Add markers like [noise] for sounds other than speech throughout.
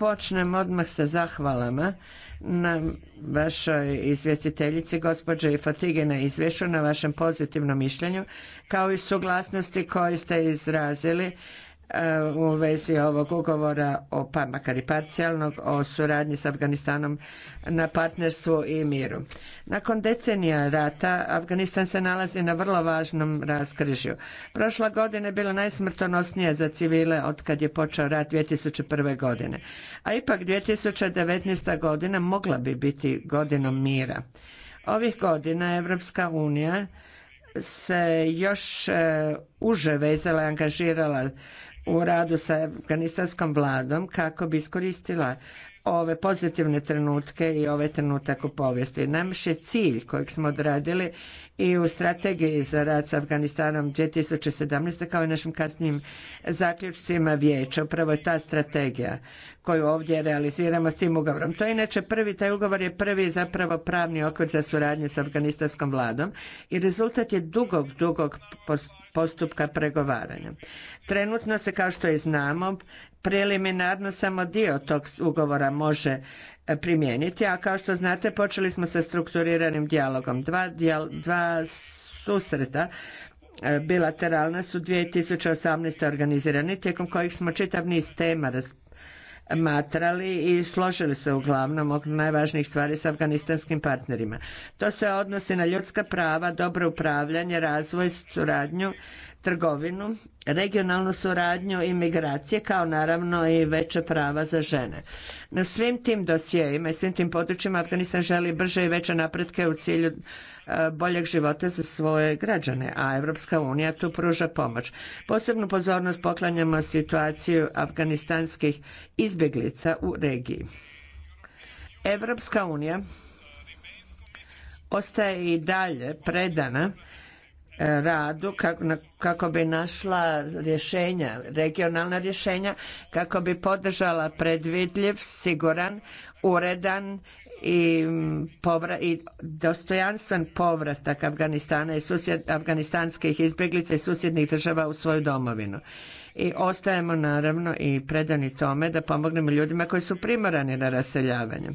počnem odmah sa zahvalama na vašoj izvjestiteljici gospođe Fatige na izvješću na vašem pozitivnom mišljenju kao i suglasnosti koje ste izrazili E, u vezi ovog ugovora o pa makar i parcijalnog o suradnji s Afganistanom na partnerstvu i miru. Nakon decenija rata Afganistan se nalazi na vrlo važnom raskrižju. Prošla godina je bila najsmrtonosnija za civile od kad je počeo rat 2001. godine. A ipak 2019. godina mogla bi biti godinom mira. Ovih godina Evropska unija se još e, uže vezala i angažirala u radu sa afganistanskom vladom kako bi iskoristila ove pozitivne trenutke i ovaj trenutak u povijesti. Naš je cilj kojeg smo odradili i u strategiji za rad sa Afganistanom 2017. kao i našim kasnijim zaključcima vijeća. Upravo je ta strategija koju ovdje realiziramo s tim ugovorom. To je inače prvi, taj ugovor je prvi zapravo pravni okvir za suradnju s afganistanskom vladom i rezultat je dugog, dugog postupka pregovaranja. Trenutno se, kao što i znamo, preliminarno samo dio tog ugovora može e, primijeniti, a kao što znate počeli smo sa strukturiranim dijalogom. Dva, dva susreta e, bilateralna su 2018. organizirani, tijekom kojih smo čitav niz tema raspravili matrali i složili se uglavnom oko najvažnijih stvari s afganistanskim partnerima. To se odnosi na ljudska prava, dobro upravljanje, razvoj, suradnju trgovinu, regionalnu suradnju i migracije, kao naravno i veća prava za žene. Na svim tim dosjejima i svim tim područjima Afganistan želi brže i veće napretke u cilju e, boljeg života za svoje građane, a Evropska unija tu pruža pomoć. Posebnu pozornost poklanjamo situaciju afganistanskih izbjeglica u regiji. Evropska unija ostaje i dalje predana radu kako bi našla rješenja, regionalna rješenja, kako bi podržala predvidljiv, siguran, uredan mm, i, dostojanstven povratak Afganistana i susjed, afganistanskih izbjeglica i susjednih država u svoju domovinu. I ostajemo naravno i predani tome da pomognemo ljudima koji su primorani na raseljavanje.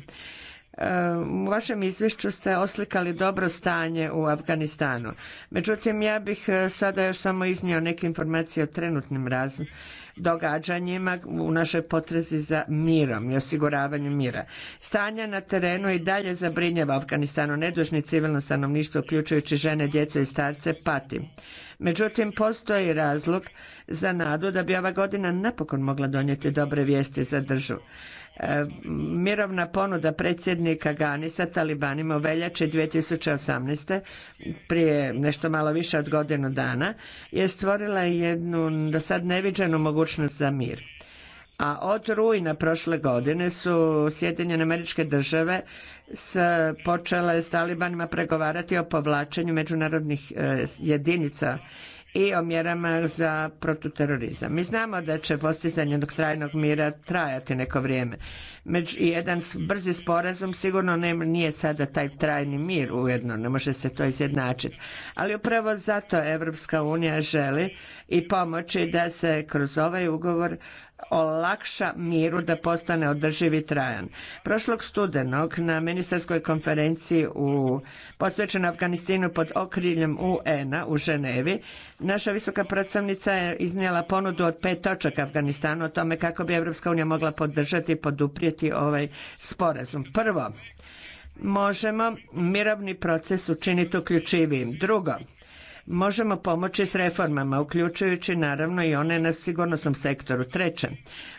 U vašem izvješću ste oslikali dobro stanje u Afganistanu. Međutim, ja bih e, sada još samo iznio neke informacije o trenutnim događanjima u našoj potrezi za mirom i osiguravanju mira. Stanje na terenu i dalje zabrinjava Afganistanu. Nedužni civilno stanovništvo, uključujući žene, djece i starce, pati. Međutim, postoji razlog za nadu da bi ova godina napokon mogla donijeti dobre vijesti za državu. E, mirovna ponuda predsjednika Gani sa talibanima u veljači 2018. prije nešto malo više od godinu dana je stvorila jednu do sad neviđenu mogućnost za mir. A od rujna prošle godine su Sjedinjene američke države s, počele s talibanima pregovarati o povlačenju međunarodnih e, jedinica i o mjerama za protuterorizam. Mi znamo da će postizanje trajnog mira trajati neko vrijeme. Među, jedan brzi sporazum sigurno ne, nije sada taj trajni mir ujedno, ne može se to izjednačiti. Ali upravo zato Evropska unija želi i pomoći da se kroz ovaj ugovor olakša miru da postane održiv i trajan. Prošlog studenog na ministarskoj konferenciji u posvećenu Afganistinu pod okriljem UN-a u Ženevi naša visoka predstavnica je iznijela ponudu od pet točaka Afganistanu o tome kako bi Europska unija mogla podržati i poduprijeti ovaj sporazum. Prvo, možemo mirovni proces učiniti uključivijim. Drugo, možemo pomoći s reformama, uključujući naravno i one na sigurnosnom sektoru. Treće,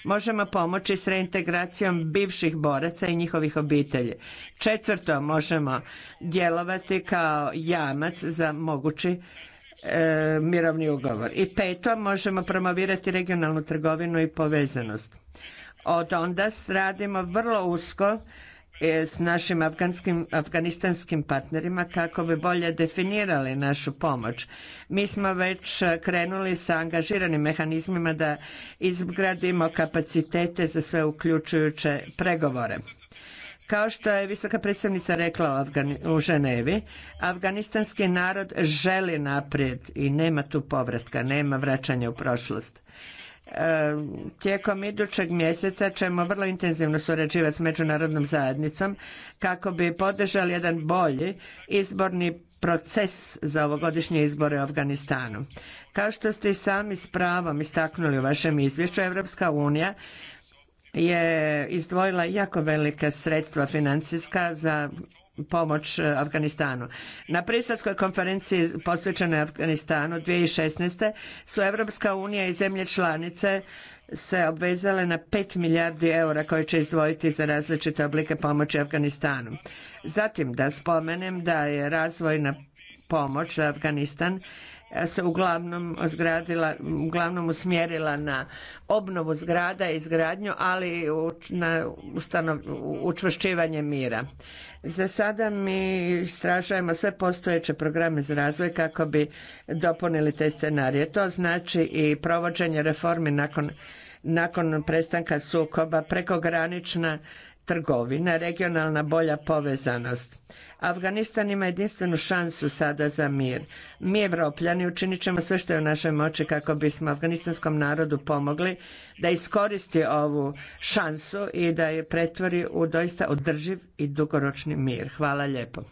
možemo pomoći s reintegracijom bivših boraca i njihovih obitelji. Četvrto, možemo djelovati kao jamac za mogući e, mirovni ugovor. I peto, možemo promovirati regionalnu trgovinu i povezanost. Od onda radimo vrlo usko E, s našim afganistanskim partnerima kako bi bolje definirali našu pomoć. Mi smo već krenuli sa angažiranim mehanizmima da izgradimo kapacitete za sve uključujuće pregovore. Kao što je visoka predstavnica rekla u Ženevi, afganistanski narod želi naprijed i nema tu povratka, nema vraćanja u prošlost. Tijekom idućeg mjeseca ćemo vrlo intenzivno surađivati s međunarodnom zajednicom kako bi podržali jedan bolji izborni proces za ovogodišnje izbore u Afganistanu. Kao što ste i sami s pravom istaknuli u vašem izvješću, Evropska unija je izdvojila jako velike sredstva financijska za pomoć e, Afganistanu. Na prisatskoj konferenciji posvećenoj Afganistanu 2016. su Evropska unija i zemlje članice se obvezale na 5 milijardi eura koje će izdvojiti za različite oblike pomoći Afganistanu. Zatim da spomenem da je razvojna pomoć za Afganistan e, se uglavnom zgradila, uglavnom usmjerila na obnovu zgrada i izgradnju, ali i na učvršćivanje mira. Za sada mi istražujemo sve postojeće programe za razvoj kako bi dopunili te scenarije. To znači i provođenje reformi nakon nakon prestanka sukoba, prekogranična trgovina, regionalna bolja povezanost. Afganistan ima jedinstvenu šansu sada za mir. Mi Evropljani učinit ćemo sve što je u našoj moći kako bismo afganistanskom narodu pomogli da iskoristi ovu šansu i da je pretvori u doista održiv i dugoročni mir. Hvala lijepo.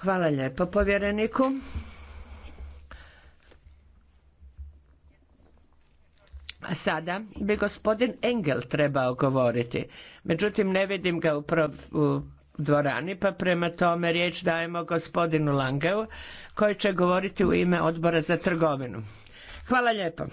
Hvala lijepo povjereniku. A sada bi gospodin Engel trebao govoriti. Međutim, ne vidim ga u, dvorani, pa prema tome riječ dajemo gospodinu Langeu, koji će govoriti u ime odbora za trgovinu. Hvala lijepo.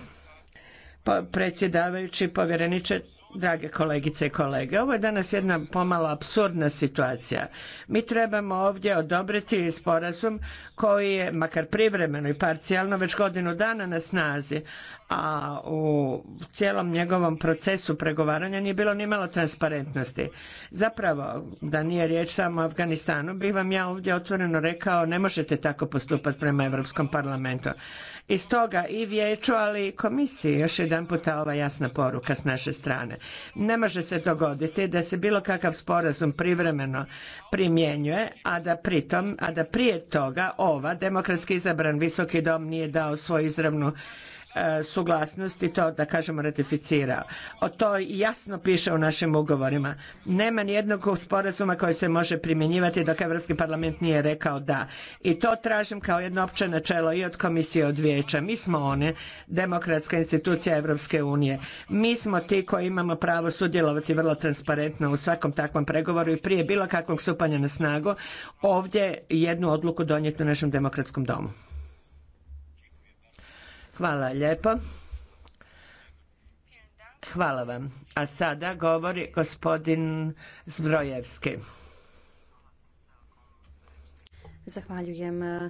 Po, predsjedavajući povjereniče, Drage kolegice i kolege, ovo je danas jedna pomalo apsurdna situacija. Mi trebamo ovdje odobriti sporazum koji je, makar privremeno i parcijalno, već godinu dana na snazi, a u cijelom njegovom procesu pregovaranja nije bilo ni malo transparentnosti. Zapravo, da nije riječ samo o Afganistanu, bih vam ja ovdje otvoreno rekao ne možete tako postupati prema Europskom parlamentu. I stoga i vijeću, ali i komisiji još jedan puta ova jasna poruka s naše strane. Ne može se dogoditi da se bilo kakav sporazum privremeno primjenjuje, a da pritom, a da prije toga ova demokratski izabran visoki dom nije dao svoju izravnu E, suglasnost i to da kažemo ratificirao. O to jasno piše u našim ugovorima. Nema nijednog sporazuma koji se može primjenjivati dok Europski parlament nije rekao da. I to tražim kao jedno opće načelo i od komisije od vijeća. Mi smo one, demokratska institucija Europske unije. Mi smo ti koji imamo pravo sudjelovati vrlo transparentno u svakom takvom pregovoru i prije bilo kakvog stupanja na snagu ovdje jednu odluku donijeti u našem demokratskom domu. Hvala lijepo. Hvala vam. A sada govori gospodin Zbrojevski. Zahvaljujem. E,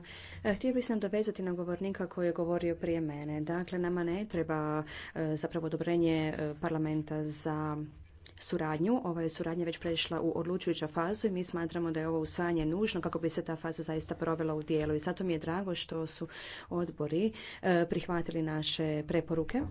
htio bih se dovezati na govornika koji je govorio prije mene. Dakle, nama ne treba e, zapravo odobrenje e, parlamenta za suradnju. Ova je suradnja već prešla u odlučujuća fazu i mi smatramo da je ovo usvajanje nužno kako bi se ta faza zaista provela u dijelu. I zato mi je drago što su odbori eh, prihvatili naše preporuke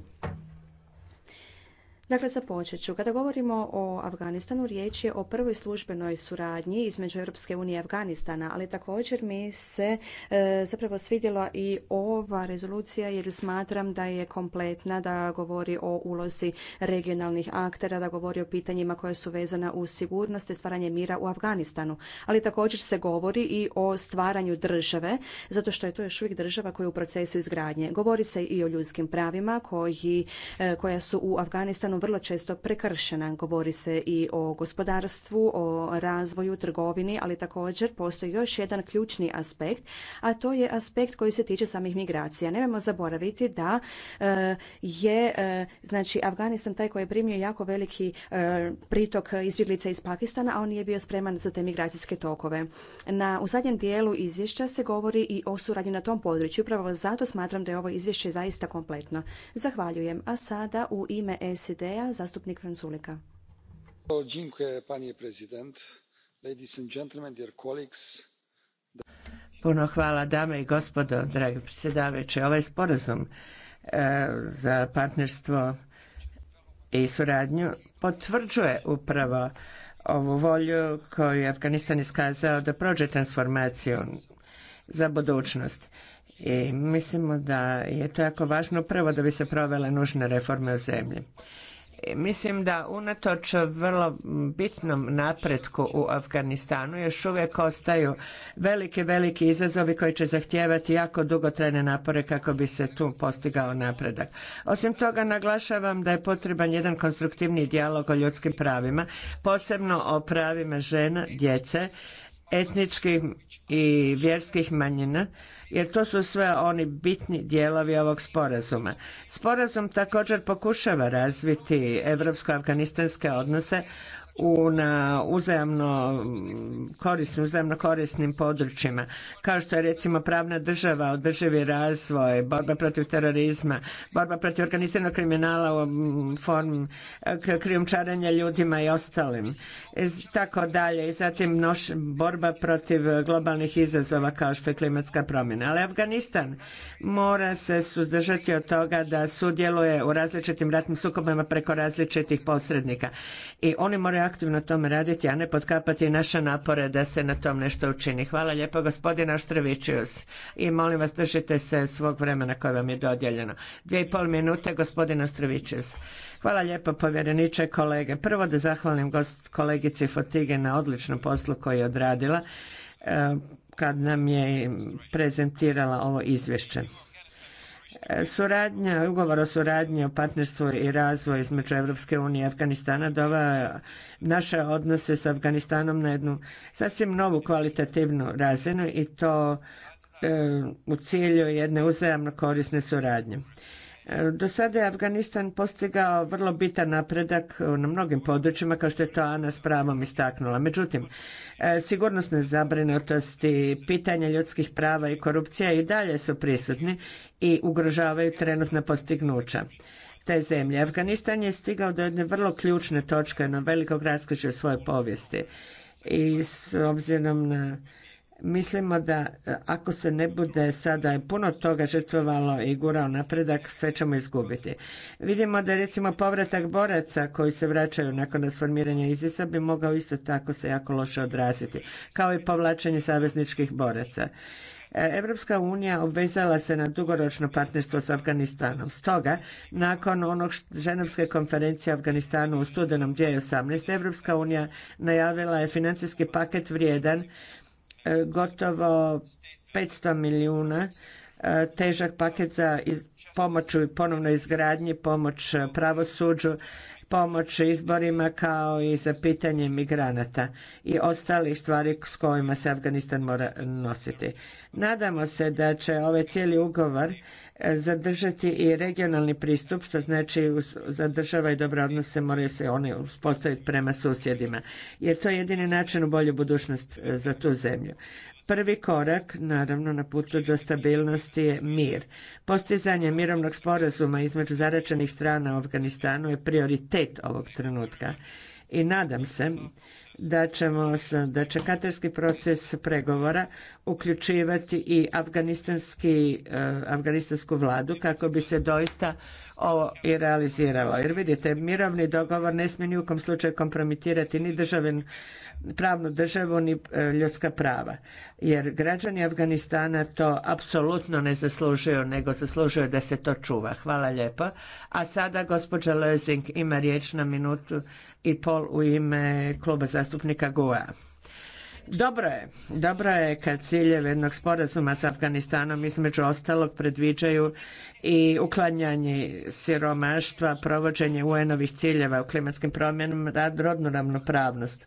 Dakle, započet ću. Kada govorimo o Afganistanu, riječ je o prvoj službenoj suradnji između Europske unije i Afganistana, ali također mi se e, zapravo svidjela i ova rezolucija jer smatram da je kompletna, da govori o ulozi regionalnih aktera, da govori o pitanjima koja su vezana uz sigurnost i stvaranje mira u Afganistanu. Ali također se govori i o stvaranju države, zato što je to još uvijek država koja je u procesu izgradnje. Govori se i o ljudskim pravima koji, e, koja su u Afganistanu vrlo često prekršena. Govori se i o gospodarstvu, o razvoju, trgovini, ali također postoji još jedan ključni aspekt, a to je aspekt koji se tiče samih migracija. Nemojmo zaboraviti da e, je e, znači Afganistan taj koji je primio jako veliki e, pritok izbjeglica iz Pakistana, a on nije bio spreman za te migracijske tokove. Na, u zadnjem dijelu izvješća se govori i o suradnji na tom području. Upravo zato smatram da je ovo izvješće zaista kompletno. Zahvaljujem. A sada u ime SID zastupnik Puno hvala dame i gospodo, dragi predsjedavajući. Ovaj sporazum e, za partnerstvo i suradnju potvrđuje upravo ovu volju koju je Afganistan iskazao da prođe transformaciju za budućnost. I mislimo da je to jako važno upravo da bi se provele nužne reforme u zemlji. Mislim da unatoč vrlo bitnom napretku u Afganistanu još uvijek ostaju veliki, veliki izazovi koji će zahtijevati jako dugotrajne napore kako bi se tu postigao napredak. Osim toga naglašavam da je potreban jedan konstruktivni dijalog o ljudskim pravima, posebno o pravima žena, djece, etničkim i vjerskih manjina, jer to su sve oni bitni dijelovi ovog sporazuma. Sporazum također pokušava razviti evropsko-afganistanske odnose u, na uzajamno korisnim, uzajamno korisnim područjima, kao što je recimo pravna država, održivi razvoj, borba protiv terorizma, borba protiv organiziranog kriminala u formi krijumčarenja ljudima i ostalim, tako dalje. I zatim borba protiv globalnih izazova kao što je klimatska promjena. Ali Afganistan mora se suzdržati od toga da sudjeluje u različitim ratnim sukobima preko različitih posrednika. I oni moraju aktivno tome raditi, a ne potkapati naše napore da se na tom nešto učini. Hvala lijepo gospodine Oštrevičius i molim vas držite se svog vremena koje vam je dodijeljeno. Dvije i pol minute gospodina Oštrevičius. Hvala lijepo povjereniče kolege. Prvo da zahvalim kolegici Fotige na odličnom poslu koji je odradila eh, kad nam je prezentirala ovo izvješće. Suradnja, ugovor o suradnji o partnerstvu i razvoju između Europske unije i Afganistana dova naše odnose s Afganistanom na jednu sasvim novu kvalitativnu razinu i to e, u cilju jedne uzajamno korisne suradnje. Do sada je Afganistan postigao vrlo bitan napredak na mnogim područjima, kao što je to Ana s pravom istaknula. Međutim, e, sigurnosne zabrinutosti, pitanja ljudskih prava i korupcija i dalje su prisutni i ugrožavaju trenutna postignuća te zemlje. Afganistan je stigao do jedne vrlo ključne točke na velikog raskrižja u svojoj povijesti i s obzirom na mislimo da e, ako se ne bude sada puno toga žrtvovalo i gurao napredak, sve ćemo izgubiti. Vidimo da recimo povratak boraca koji se vraćaju nakon transformiranja isis bi mogao isto tako se jako loše odraziti, kao i povlačenje savezničkih boraca. E, Evropska unija obvezala se na dugoročno partnerstvo s Afganistanom. Stoga, nakon onog ženevske konferencije Afganistanu u studenom 2018. Evropska unija najavila je financijski paket vrijedan E, gotovo 500 milijuna e, težak paket za pomoć u ponovnoj izgradnji, pomoć e, pravosuđu, pomoć izborima kao i za pitanje migranata i ostalih stvari s kojima se Afganistan mora nositi. Nadamo se da će ovaj cijeli ugovor zadržati i regionalni pristup, što znači zadržava i dobre odnose moraju se oni uspostaviti prema susjedima. Jer to je jedini način u bolju budućnost e, za tu zemlju. Prvi korak, naravno, na putu do stabilnosti je mir. Postizanje mirovnog sporazuma između zaračenih strana u Afganistanu je prioritet ovog trenutka i nadam se da ćemo, da će katarski proces pregovora uključivati i afganistanski, e, afganistansku vladu kako bi se doista ovo i realiziralo. Jer vidite, mirovni dogovor ne smije ni u kom slučaju kompromitirati ni državni pravnu državu ni e, ljudska prava. Jer građani Afganistana to apsolutno ne zaslužuju, nego zaslužuju da se to čuva. Hvala lijepo. A sada gospođa Lezing ima riječ na minutu i pol u ime kluba zastupnika GUA. Dobro je, dobro je kad ciljeve jednog sporazuma s Afganistanom između ostalog predviđaju i uklanjanje siromaštva, provođenje UN-ovih ciljeva u klimatskim promjenama, rodnu ravnopravnost.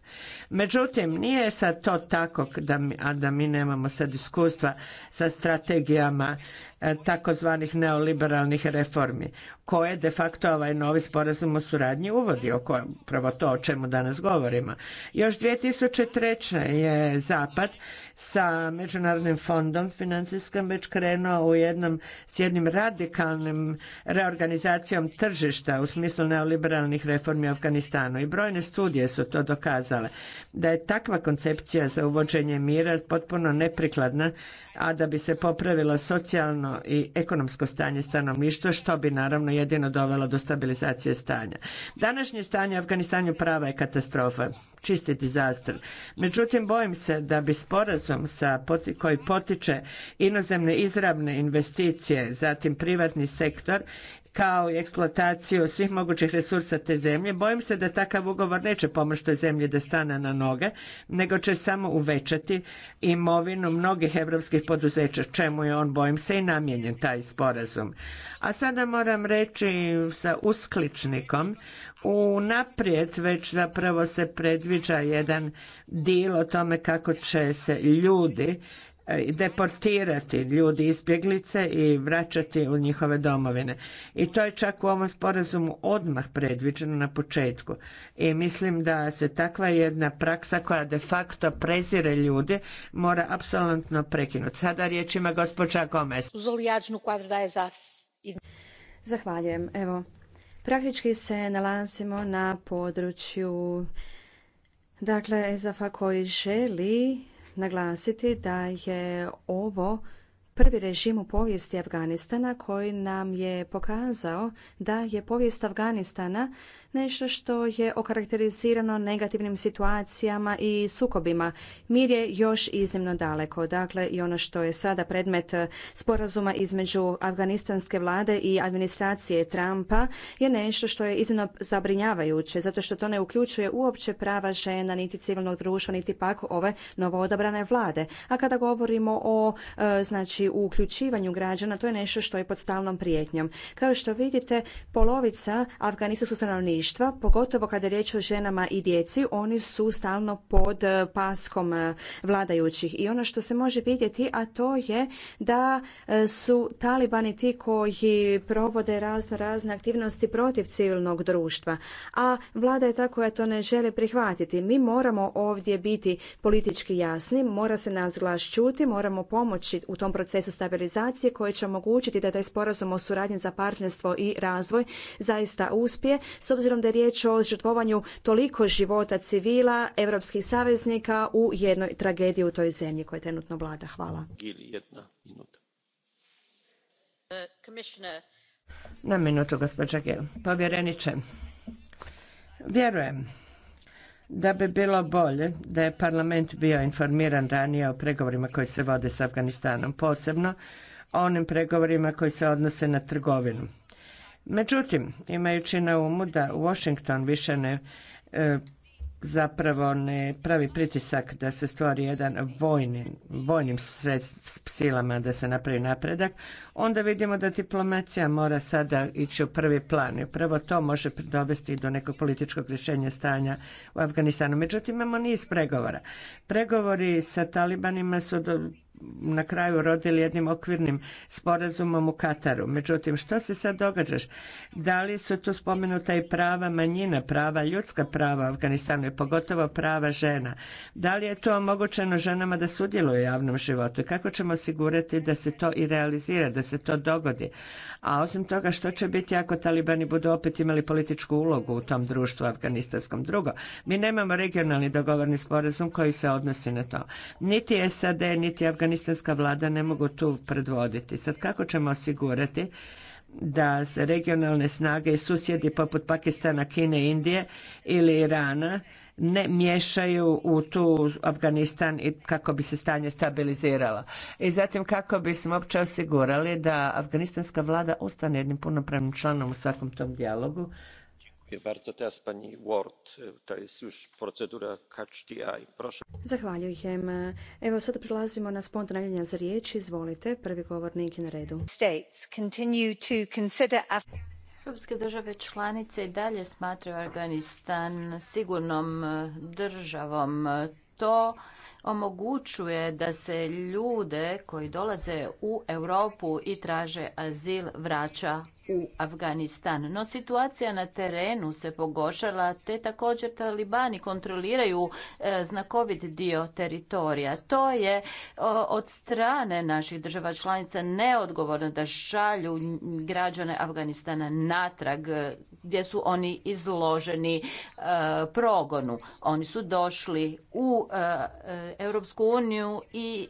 Međutim, nije sad to tako da mi, a da mi nemamo sad iskustva sa strategijama eh, takozvanih neoliberalnih reformi koje de facto ovaj novi sporazum o suradnji uvodi, kojem upravo to o čemu danas govorimo. Još 2003. je Zapad sa Međunarodnim fondom financijskom već krenuo u jednom, s jednim radikalnim reorganizacijom tržišta u smislu neoliberalnih reformi u Afganistanu. I brojne studije su to dokazale da je takva koncepcija za uvođenje mira potpuno neprikladna, a da bi se popravilo socijalno i ekonomsko stanje stanovništva, što bi naravno jedino dovelo do stabilizacije stanja. Današnje stanje u Afganistanu prava je katastrofa, čisti dizastr. Međutim, bojim se da bi sporazum sa, koji potiče inozemne izravne investicije, zatim privatni sektor kao i eksploataciju svih mogućih resursa te zemlje, bojim se da takav ugovor neće pomoći toj zemlji da stane na noge, nego će samo uvećati imovinu mnogih europskih poduzeća, čemu je on, bojim se, i namijenjen taj sporazum. A sada moram reći sa uskličnikom, u naprijed već zapravo se predviđa jedan dil o tome kako će se ljudi E, deportirati ljudi izbjeglice i vraćati u njihove domovine. I to je čak u ovom sporazumu odmah predviđeno na početku. I mislim da se takva jedna praksa koja de facto prezire ljude mora apsolutno prekinuti. Sada riječ ima gospođa Gomez. Zahvaljujem. Evo, praktički se nalazimo na području dakle, za koji želi naglasiti da je ovo prvi režim u povijesti Afganistana koji nam je pokazao da je povijest Afganistana nešto što je okarakterizirano negativnim situacijama i sukobima. Mir je još iznimno daleko. Dakle, i ono što je sada predmet sporazuma između afganistanske vlade i administracije Trumpa je nešto što je iznimno zabrinjavajuće, zato što to ne uključuje uopće prava žena, niti civilnog društva, niti pak ove odabrane vlade. A kada govorimo o e, znači, uključivanju građana, to je nešto što je pod stalnom prijetnjom. Kao što vidite, polovica afganistanskog stanovništva pogotovo kada je riječ o ženama i djeci, oni su stalno pod eh, paskom eh, vladajućih. I ono što se može vidjeti, a to je da eh, su talibani ti koji provode razno razne aktivnosti protiv civilnog društva, a vlada je ta koja to ne želi prihvatiti. Mi moramo ovdje biti politički jasni, mora se nas glas čuti, moramo pomoći u tom procesu stabilizacije koje će omogućiti da taj sporazum o suradnji za partnerstvo i razvoj zaista uspije s obzirom obzirom da je riječ o žrtvovanju toliko života civila, europskih saveznika u jednoj tragediji u toj zemlji koja je trenutno vlada. Hvala. Uh, na minutu, gospođa Gil. Povjereniče, vjerujem da bi bilo bolje da je parlament bio informiran ranije o pregovorima koji se vode s Afganistanom, posebno o onim pregovorima koji se odnose na trgovinu. Međutim, imajući na umu da Washington više ne e, zapravo ne pravi pritisak da se stvori jedan vojni, vojnim silama da se napravi napredak, onda vidimo da diplomacija mora sada ići u prvi plan i upravo to može dovesti do nekog političkog rješenja stanja u Afganistanu. Međutim, imamo niz pregovora. Pregovori sa talibanima su do, na kraju rodili jednim okvirnim sporazumom u Kataru. Međutim, što se sad događaš? Da li su tu spomenuta i prava manjina, prava ljudska prava u Afganistanu i pogotovo prava žena? Da li je to omogućeno ženama da sudjeluju u javnom životu? Kako ćemo osigurati da se to i realizira, da se to dogodi? A osim toga, što će biti ako talibani budu opet imali političku ulogu u tom društvu afganistanskom? Drugo, mi nemamo regionalni dogovorni sporazum koji se odnosi na to. Niti SAD, niti Afganistan afganistanska vlada ne mogu tu predvoditi. Sad kako ćemo osigurati da se regionalne snage i susjedi poput Pakistana, Kine, Indije ili Irana ne miješaju u tu Afganistan i kako bi se stanje stabiliziralo. I zatim kako bismo uopće osigurali da afganistanska vlada ostane jednim punopravnim članom u svakom tom dijalogu Zahvaljujem. Evo sad prelazimo na spontanavljanje za riječi. Izvolite, prvi govornik je na redu. Europske države članice i dalje smatraju Afganistan sigurnom e, državom. To omogućuje da se ljude koji dolaze u Europu i traže azil vraća u Afganistan. No situacija na terenu se pogoršala te također talibani kontroliraju e, znakovit dio teritorija. To je od strane naših država članica neodgovorno da šalju građane Afganistana natrag e, gdje su oni izloženi e, progonu. Oni su došli u Europsku uniju i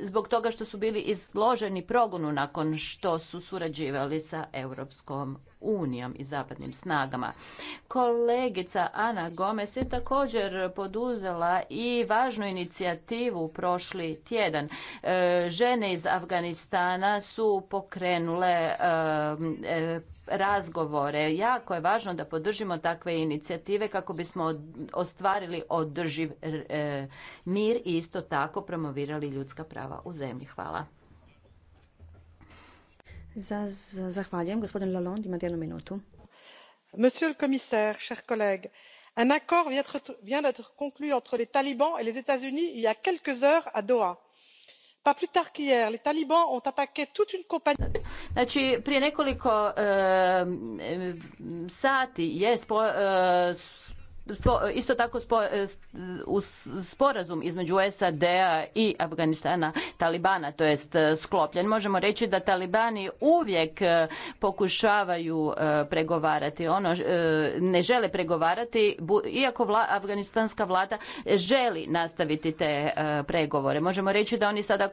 zbog toga što su bili izloženi progonu nakon što su surađivali sa Europskom unijom i zapadnim snagama. Kolegica Ana Gomez je također poduzela i važnu inicijativu prošli tjedan. E, žene iz Afganistana su pokrenule e, e, razgovore. Jako je važno da podržimo takve inicijative kako bismo ostvarili održiv mir i isto tako promovirali ljudska prava u zemlji. Hvala. Monsieur le commissaire, chers collègues, un accord vient d'être conclu entre les talibans et les États-Unis il y a quelques heures à Doha Pas plus tard qu'hier les talibans ont attaqué toute une compagnie znači prije nekoliko eh, sati je isto tako sporazum između SAD-a i Afganistana Talibana, to jest e, sklopljen. Možemo reći da Talibani uvijek e, pokušavaju e, pregovarati. Ono ne žele pregovarati, iako afganistanska vlada želi nastaviti te pregovore. Možemo reći da oni sada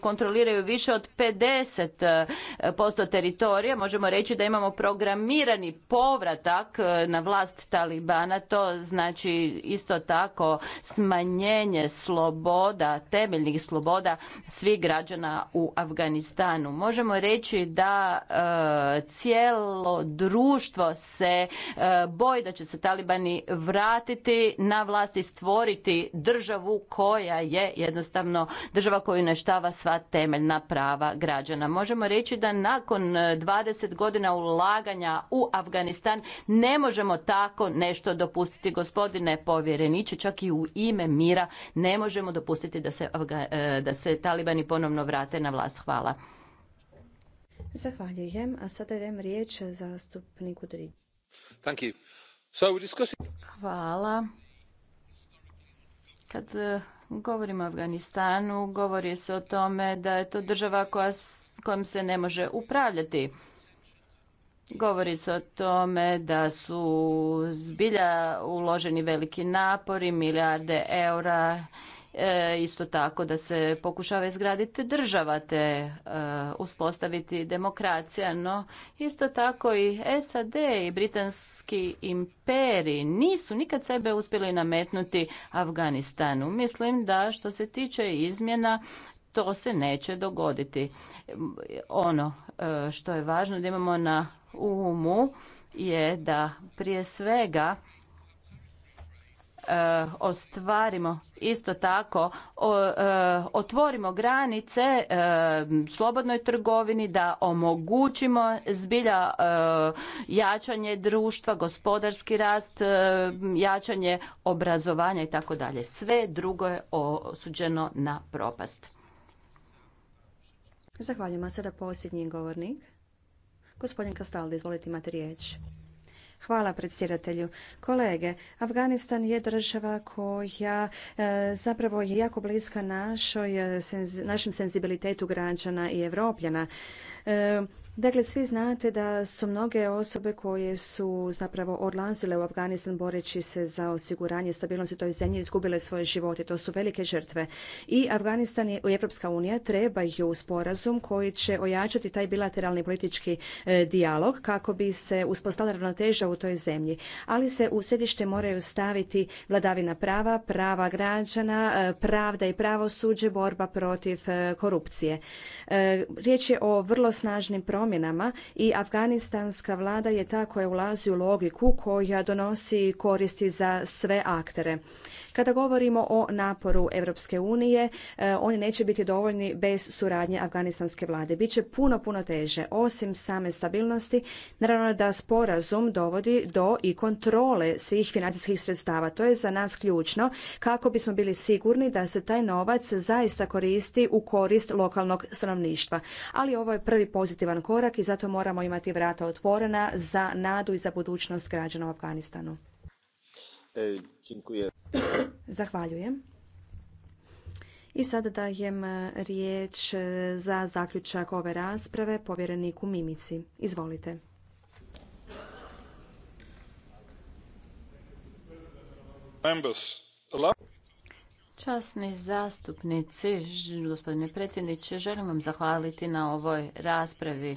kontroliraju više od 50% teritorija. Možemo reći da imamo programirani povratak na vlast Talibana to znači isto tako smanjenje sloboda, temeljnih sloboda svih građana u Afganistanu. Možemo reći da e, cijelo društvo se e, boji da će se talibani vratiti na vlast i stvoriti državu koja je jednostavno država koju neštava sva temeljna prava građana. Možemo reći da nakon 20 e, godina ulaganja u Afganistan ne možemo tako nešto dopustiti dopustiti. Gospodine povjereniče, čak i u ime mira ne možemo dopustiti da se, e, da se talibani ponovno vrate na vlast. Hvala. Zahvaljujem. A sada dajem riječ zastupniku Thank you. So Hvala. Kad e, govorimo o Afganistanu, govori se o tome da je to država koja, kojom se ne može upravljati. Govori se o tome da su zbilja uloženi veliki napori, milijarde eura, e, isto tako da se pokušava izgraditi država te e, uspostaviti demokracija, no isto tako i SAD i britanski imperi nisu nikad sebe uspjeli nametnuti Afganistanu. Mislim da što se tiče izmjena to se neće dogoditi. Ono e, što je važno da imamo na umu je da prije svega e, ostvarimo isto tako e, otvorimo granice slobodnoj trgovini da omogućimo zbilja jačanje društva gospodarski rast jačanje obrazovanja i tako dalje sve drugo je osuđeno na propast Zahvaljujem A sada posljednji govornik. Gospodin Kastaldi, izvolite imate riječ. Hvala predsjedatelju. Kolege, Afganistan je država koja e, zapravo je jako bliska našoj, e, našem senzibilitetu građana i evropljana. E, Dakle, svi znate da su mnoge osobe koje su zapravo odlazile u Afganistan boreći se za osiguranje stabilnosti toj zemlji izgubile svoje živote. To su velike žrtve. I Afganistan i Evropska unija trebaju sporazum koji će ojačati taj bilateralni politički e, dijalog kako bi se uspostavila ravnoteža u toj zemlji. Ali se u središte moraju staviti vladavina prava, prava građana, e, pravda i pravosuđe, borba protiv e, korupcije. Riječ je o vrlo snažnim promjenama i afganistanska vlada je ta koja ulazi u logiku koja donosi koristi za sve aktere. Kada govorimo o naporu Europske unije, e, oni neće biti dovoljni bez suradnje afganistanske vlade. Biće puno, puno teže. Osim same stabilnosti, naravno da sporazum dovodi do i kontrole svih financijskih sredstava. To je za nas ključno kako bismo bili sigurni da se taj novac zaista koristi u korist lokalnog stanovništva. Ali ovo je prvi pozitivan korist korak i zato moramo imati vrata otvorena za nadu i za budućnost građana u Afganistanu. E, Zahvaljujem. I sada dajem e, riječ e, za zaključak ove rasprave povjereniku Mimici. Izvolite. Časni zastupnici, gospodine predsjedniče, želim vam zahvaliti na ovoj raspravi.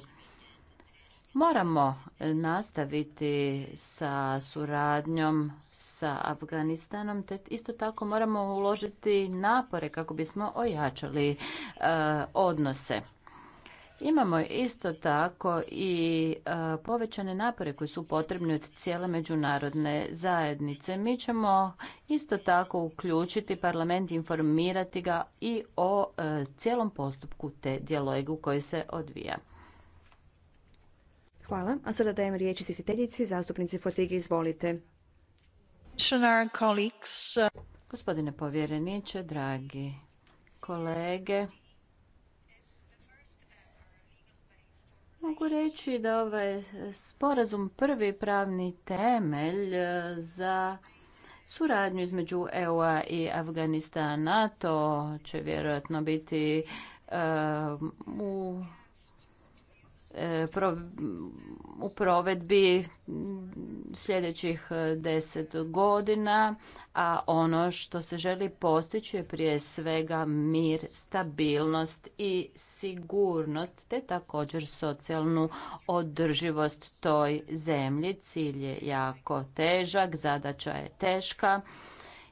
Moramo nastaviti sa suradnjom sa Afganistanom, te isto tako moramo uložiti napore kako bismo ojačali e, odnose. Imamo isto tako i e, povećane napore koji su potrebne od cijele međunarodne zajednice. Mi ćemo isto tako uključiti parlament, informirati ga i o e, cijelom postupku te dijalogu koji se odvija. Hvala. A sada dajem riječ zastupnici Fotigi, izvolite. Uh, Gospodine povjereniče, dragi kolege, Mogu reći da ovaj sporazum prvi pravni temelj e, za suradnju između EU-a i Afganistana. To će vjerojatno biti e, u E, u provedbi sljedećih e, deset godina, a ono što se želi postići je prije svega mir, stabilnost i sigurnost, te također socijalnu održivost toj zemlji. Cilj je jako težak, zadaća je teška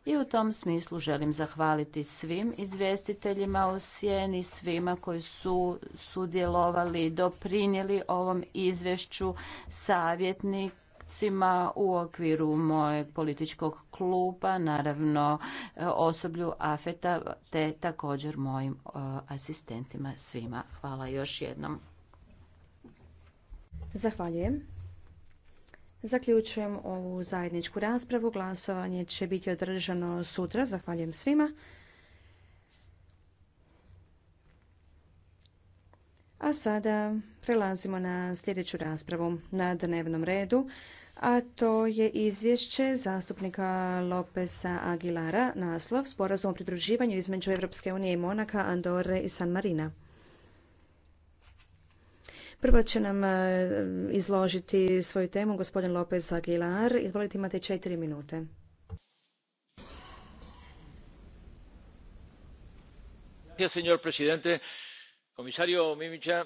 i u tom smislu želim zahvaliti svim izvjestiteljima u sjeni, svima koji su sudjelovali, doprinijeli ovom izvješću, savjetnicima u okviru mojeg političkog kluba, naravno e, osoblju AFETA te također mojim e, asistentima svima. Hvala još jednom. Zahvaljujem. Zaključujem ovu zajedničku raspravu. Glasovanje će biti održano sutra. Zahvaljujem svima. A sada prelazimo na sljedeću raspravu na dnevnom redu, a to je izvješće zastupnika Lopesa Aguilara, naslov Sporazum o pridruživanju između Europske unije i Monaka, Andore i San Marina. Prvo će nam e, izložiti svoju temu gospodin Lopez Aguilar. Izvolite, imate četiri minute. señor presidente comisario mimica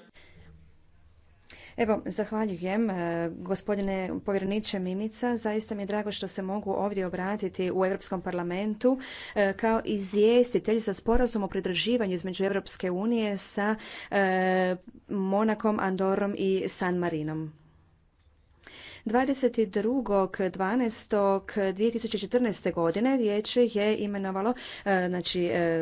Evo, zahvaljujem e, gospodine povjereniče Mimica. Zaista mi je drago što se mogu ovdje obratiti u Europskom parlamentu e, kao izvjestitelj za sporazum o pridrživanju između Europske unije sa e, Monakom, Andorom i San Marinom. 22.12.2014. godine vijeće je imenovalo e, znači, e,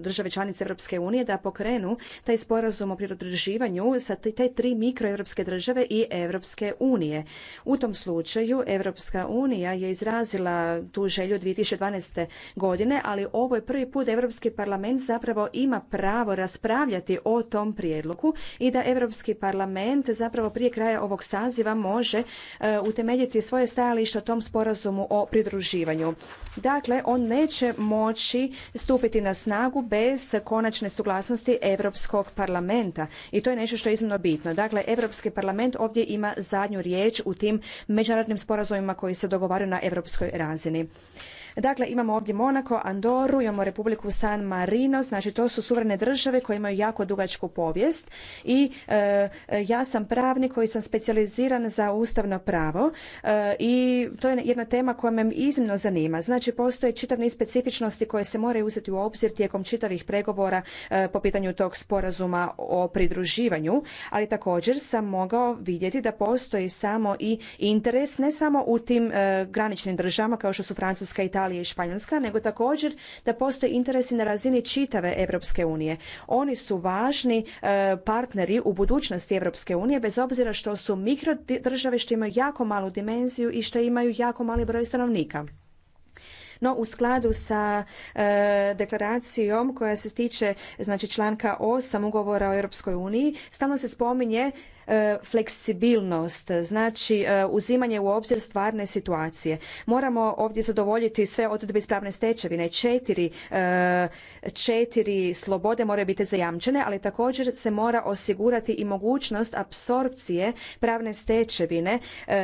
države članice Europske unije da pokrenu taj sporazum o prirodrživanju sa te tri mikroeuropske države i Europske unije. U tom slučaju Europska unija je izrazila tu želju 2012. godine, ali ovo je prvi put Europski parlament zapravo ima pravo raspravljati o tom prijedlogu i da Europski parlament zapravo prije kraja ovog saziva može E, utemeljiti svoje stajalište o tom sporazumu o pridruživanju. Dakle, on neće moći stupiti na snagu bez konačne suglasnosti Europskog parlamenta i to je nešto što je iznimno bitno. Dakle, Europski parlament ovdje ima zadnju riječ u tim međunarodnim sporazumima koji se dogovaraju na europskoj razini. Dakle, imamo ovdje Monako, Andoru, imamo Republiku San Marino, znači to su suverene države koje imaju jako dugačku povijest i e, ja sam pravnik koji sam specijaliziran za ustavno pravo e, i to je jedna tema koja me iznimno zanima. Znači, postoje čitavne specifičnosti koje se moraju uzeti u obzir tijekom čitavih pregovora e, po pitanju tog sporazuma o pridruživanju, ali također sam mogao vidjeti da postoji samo i interes ne samo u tim graničnim državama kao što su Francuska, i Italija, Italija i Španjolska, nego također da postoje interesi na razini čitave Europske unije. Oni su važni e, partneri u budućnosti Europske unije, bez obzira što su mikrodržave, što imaju jako malu dimenziju i što imaju jako mali broj stanovnika. No, u skladu sa e, deklaracijom koja se tiče znači članka 8 ugovora o Europskoj uniji, stalno se spominje E, fleksibilnost, znači e, uzimanje u obzir stvarne situacije. Moramo ovdje zadovoljiti sve odredbe iz pravne stečevine. Četiri, e, četiri slobode moraju biti zajamčene, ali također se mora osigurati i mogućnost apsorpcije pravne stečevine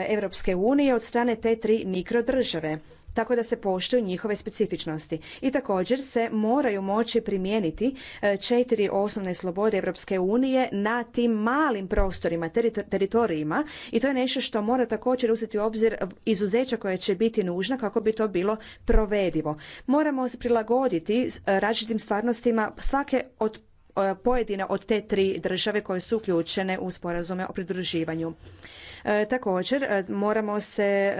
Europske unije od strane te tri mikrodržave tako da se poštuju njihove specifičnosti. I također se moraju moći primijeniti e, četiri osnovne slobode Europske unije na tim malim prostorima, teritorijima i to je nešto što mora također uzeti u obzir izuzeća koja će biti nužna kako bi to bilo provedivo. Moramo se prilagoditi e, različitim stvarnostima svake od e, pojedine od te tri države koje su uključene u sporazume o pridruživanju. E, također e, moramo se e,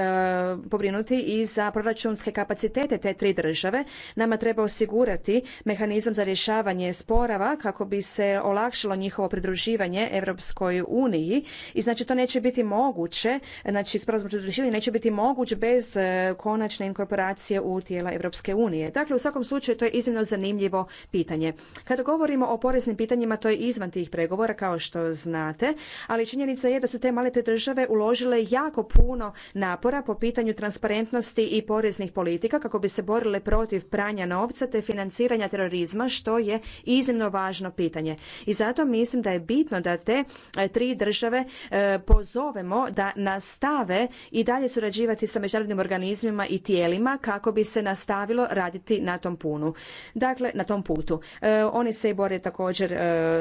pobrinuti i za proračunske kapacitete te tri države. Nama treba osigurati mehanizam za rješavanje sporava kako bi se olakšalo njihovo pridruživanje Europskoj uniji i znači to neće biti moguće, znači sporazum neće biti moguć bez konačne inkorporacije u tijela Europske unije. Dakle, u svakom slučaju to je iznimno zanimljivo pitanje. Kada govorimo o poreznim pitanjima, to je izvan tih pregovora kao što znate, ali činjenica je da su te male države države uložile jako puno napora po pitanju transparentnosti i poreznih politika kako bi se borile protiv pranja novca te financiranja terorizma što je iznimno važno pitanje. I zato mislim da je bitno da te e, tri države e, pozovemo da nastave i dalje surađivati sa međunarodnim organizmima i tijelima kako bi se nastavilo raditi na tom punu. Dakle, na tom putu. E, oni se i bore također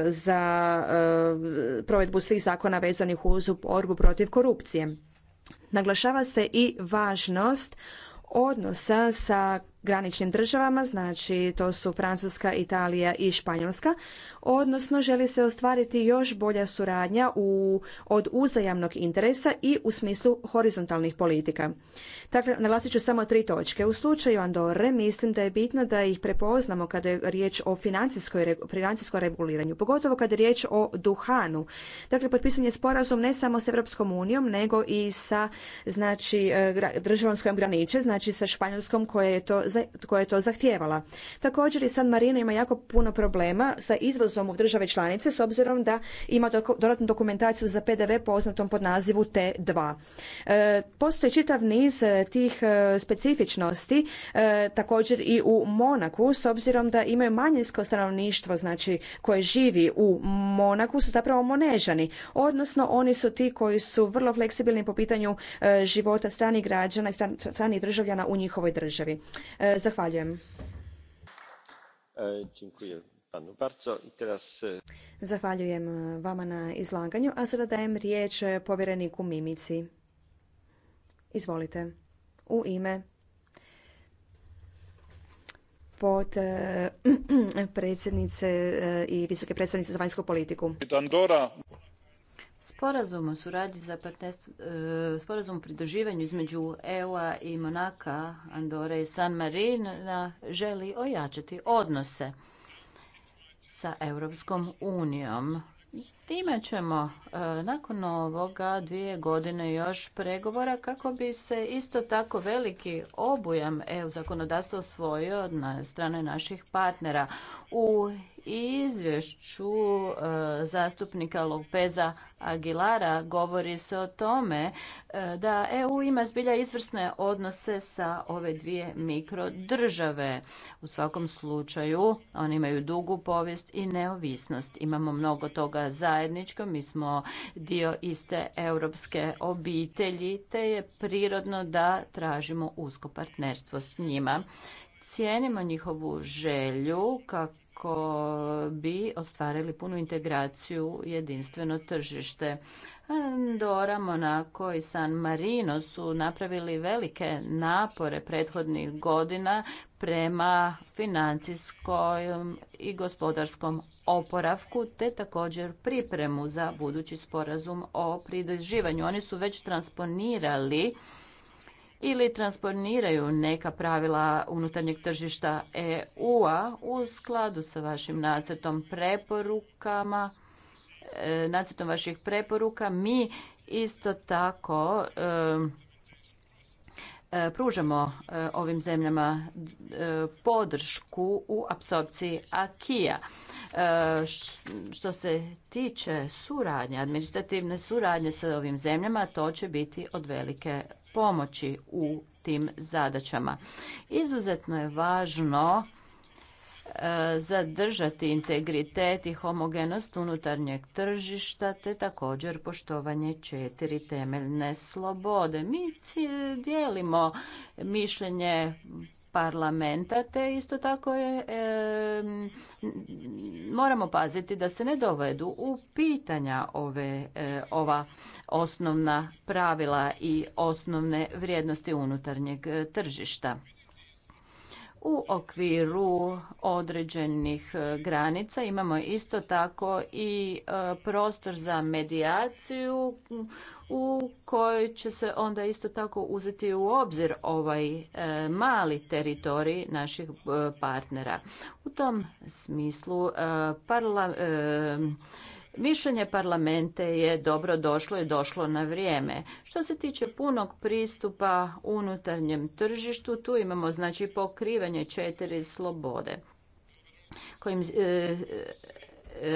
za provedbu svih zakona vezanih uz borbu protiv protiv korupcije. Naglašava se i važnost odnosa sa graničnim državama, znači to su Francuska, Italija i Španjolska, odnosno želi se ostvariti još bolja suradnja u, od uzajamnog interesa i u smislu horizontalnih politika. Dakle, naglasit ću samo tri točke. U slučaju Andore mislim da je bitno da ih prepoznamo kada je riječ o financijskom reguliranju, pogotovo kada je riječ o duhanu. Dakle, potpisan je sporazum ne samo s Europskom unijom, nego i sa znači, eh, državom s graniče, znači sa Španjolskom koja je to koja je to zahtijevala. Također i San Marino ima jako puno problema sa izvozom u države članice s obzirom da ima dodatnu dokumentaciju za PDV poznatom pod nazivu T2. E, postoji čitav niz e, tih e, specifičnosti također i u Monaku s obzirom da imaju manjinsko stanovništvo znači koje živi u Monaku su zapravo monežani odnosno oni su ti koji su vrlo fleksibilni po pitanju života stranih građana i stranih državljana u njihovoj državi. E, zahvaljujem. E, e, zahvaljujem vama na izlaganju, a sada dajem riječ povjereniku Mimici. Izvolite. U ime pod [clears throat] i visoke predstavnice za vanjsku politiku. Sporazum o suradnji za partnerstvo, e, sporazum o pridruživanju između EU-a i Monaka, Andore i San Marina želi ojačati odnose sa Europskom unijom. Time ćemo e, nakon ovoga dvije godine još pregovora kako bi se isto tako veliki obujam EU zakonodavstva osvojio od strane naših partnera. U izvješću e, zastupnika Lopeza Aguilara govori se o tome e, da EU ima zbilja izvrsne odnose sa ove dvije mikrodržave. U svakom slučaju oni imaju dugu povijest i neovisnost. Imamo mnogo toga zajedničko, mi smo dio iste europske obitelji, te je prirodno da tražimo usko partnerstvo s njima cijenimo njihovu želju kako kako bi ostvarili punu integraciju jedinstveno tržište. Andora, Monaco i San Marino su napravili velike napore prethodnih godina prema financijskom i gospodarskom oporavku te također pripremu za budući sporazum o pridruživanju. Oni su već transponirali ili transponiraju neka pravila unutarnjeg tržišta EU-a u skladu sa vašim nacrtom preporukama, e, nacrtom vaših preporuka. Mi isto tako e, e, pružamo ovim zemljama podršku u apsorpciji a Što se tiče suradnje, administrativne suradnje sa ovim zemljama, to će biti od velike pomoći u tim zadaćama. Izuzetno je važno e, zadržati integritet i homogenost unutarnjeg tržišta te također poštovanje četiri temeljne slobode. Mi dijelimo mišljenje parlamenta, te isto tako je moramo paziti da se ne dovedu u pitanja ove e, ova osnovna pravila i osnovne vrijednosti unutarnjeg e, tržišta u okviru određenih e, granica. Imamo isto tako i e, prostor za medijaciju u kojoj će se onda isto tako uzeti u obzir ovaj e, mali teritorij naših partnera. U tom smislu parla, Mišljenje parlamente je dobro došlo i došlo na vrijeme. Što se tiče punog pristupa unutarnjem tržištu, tu imamo znači pokrivanje četiri slobode kojim e,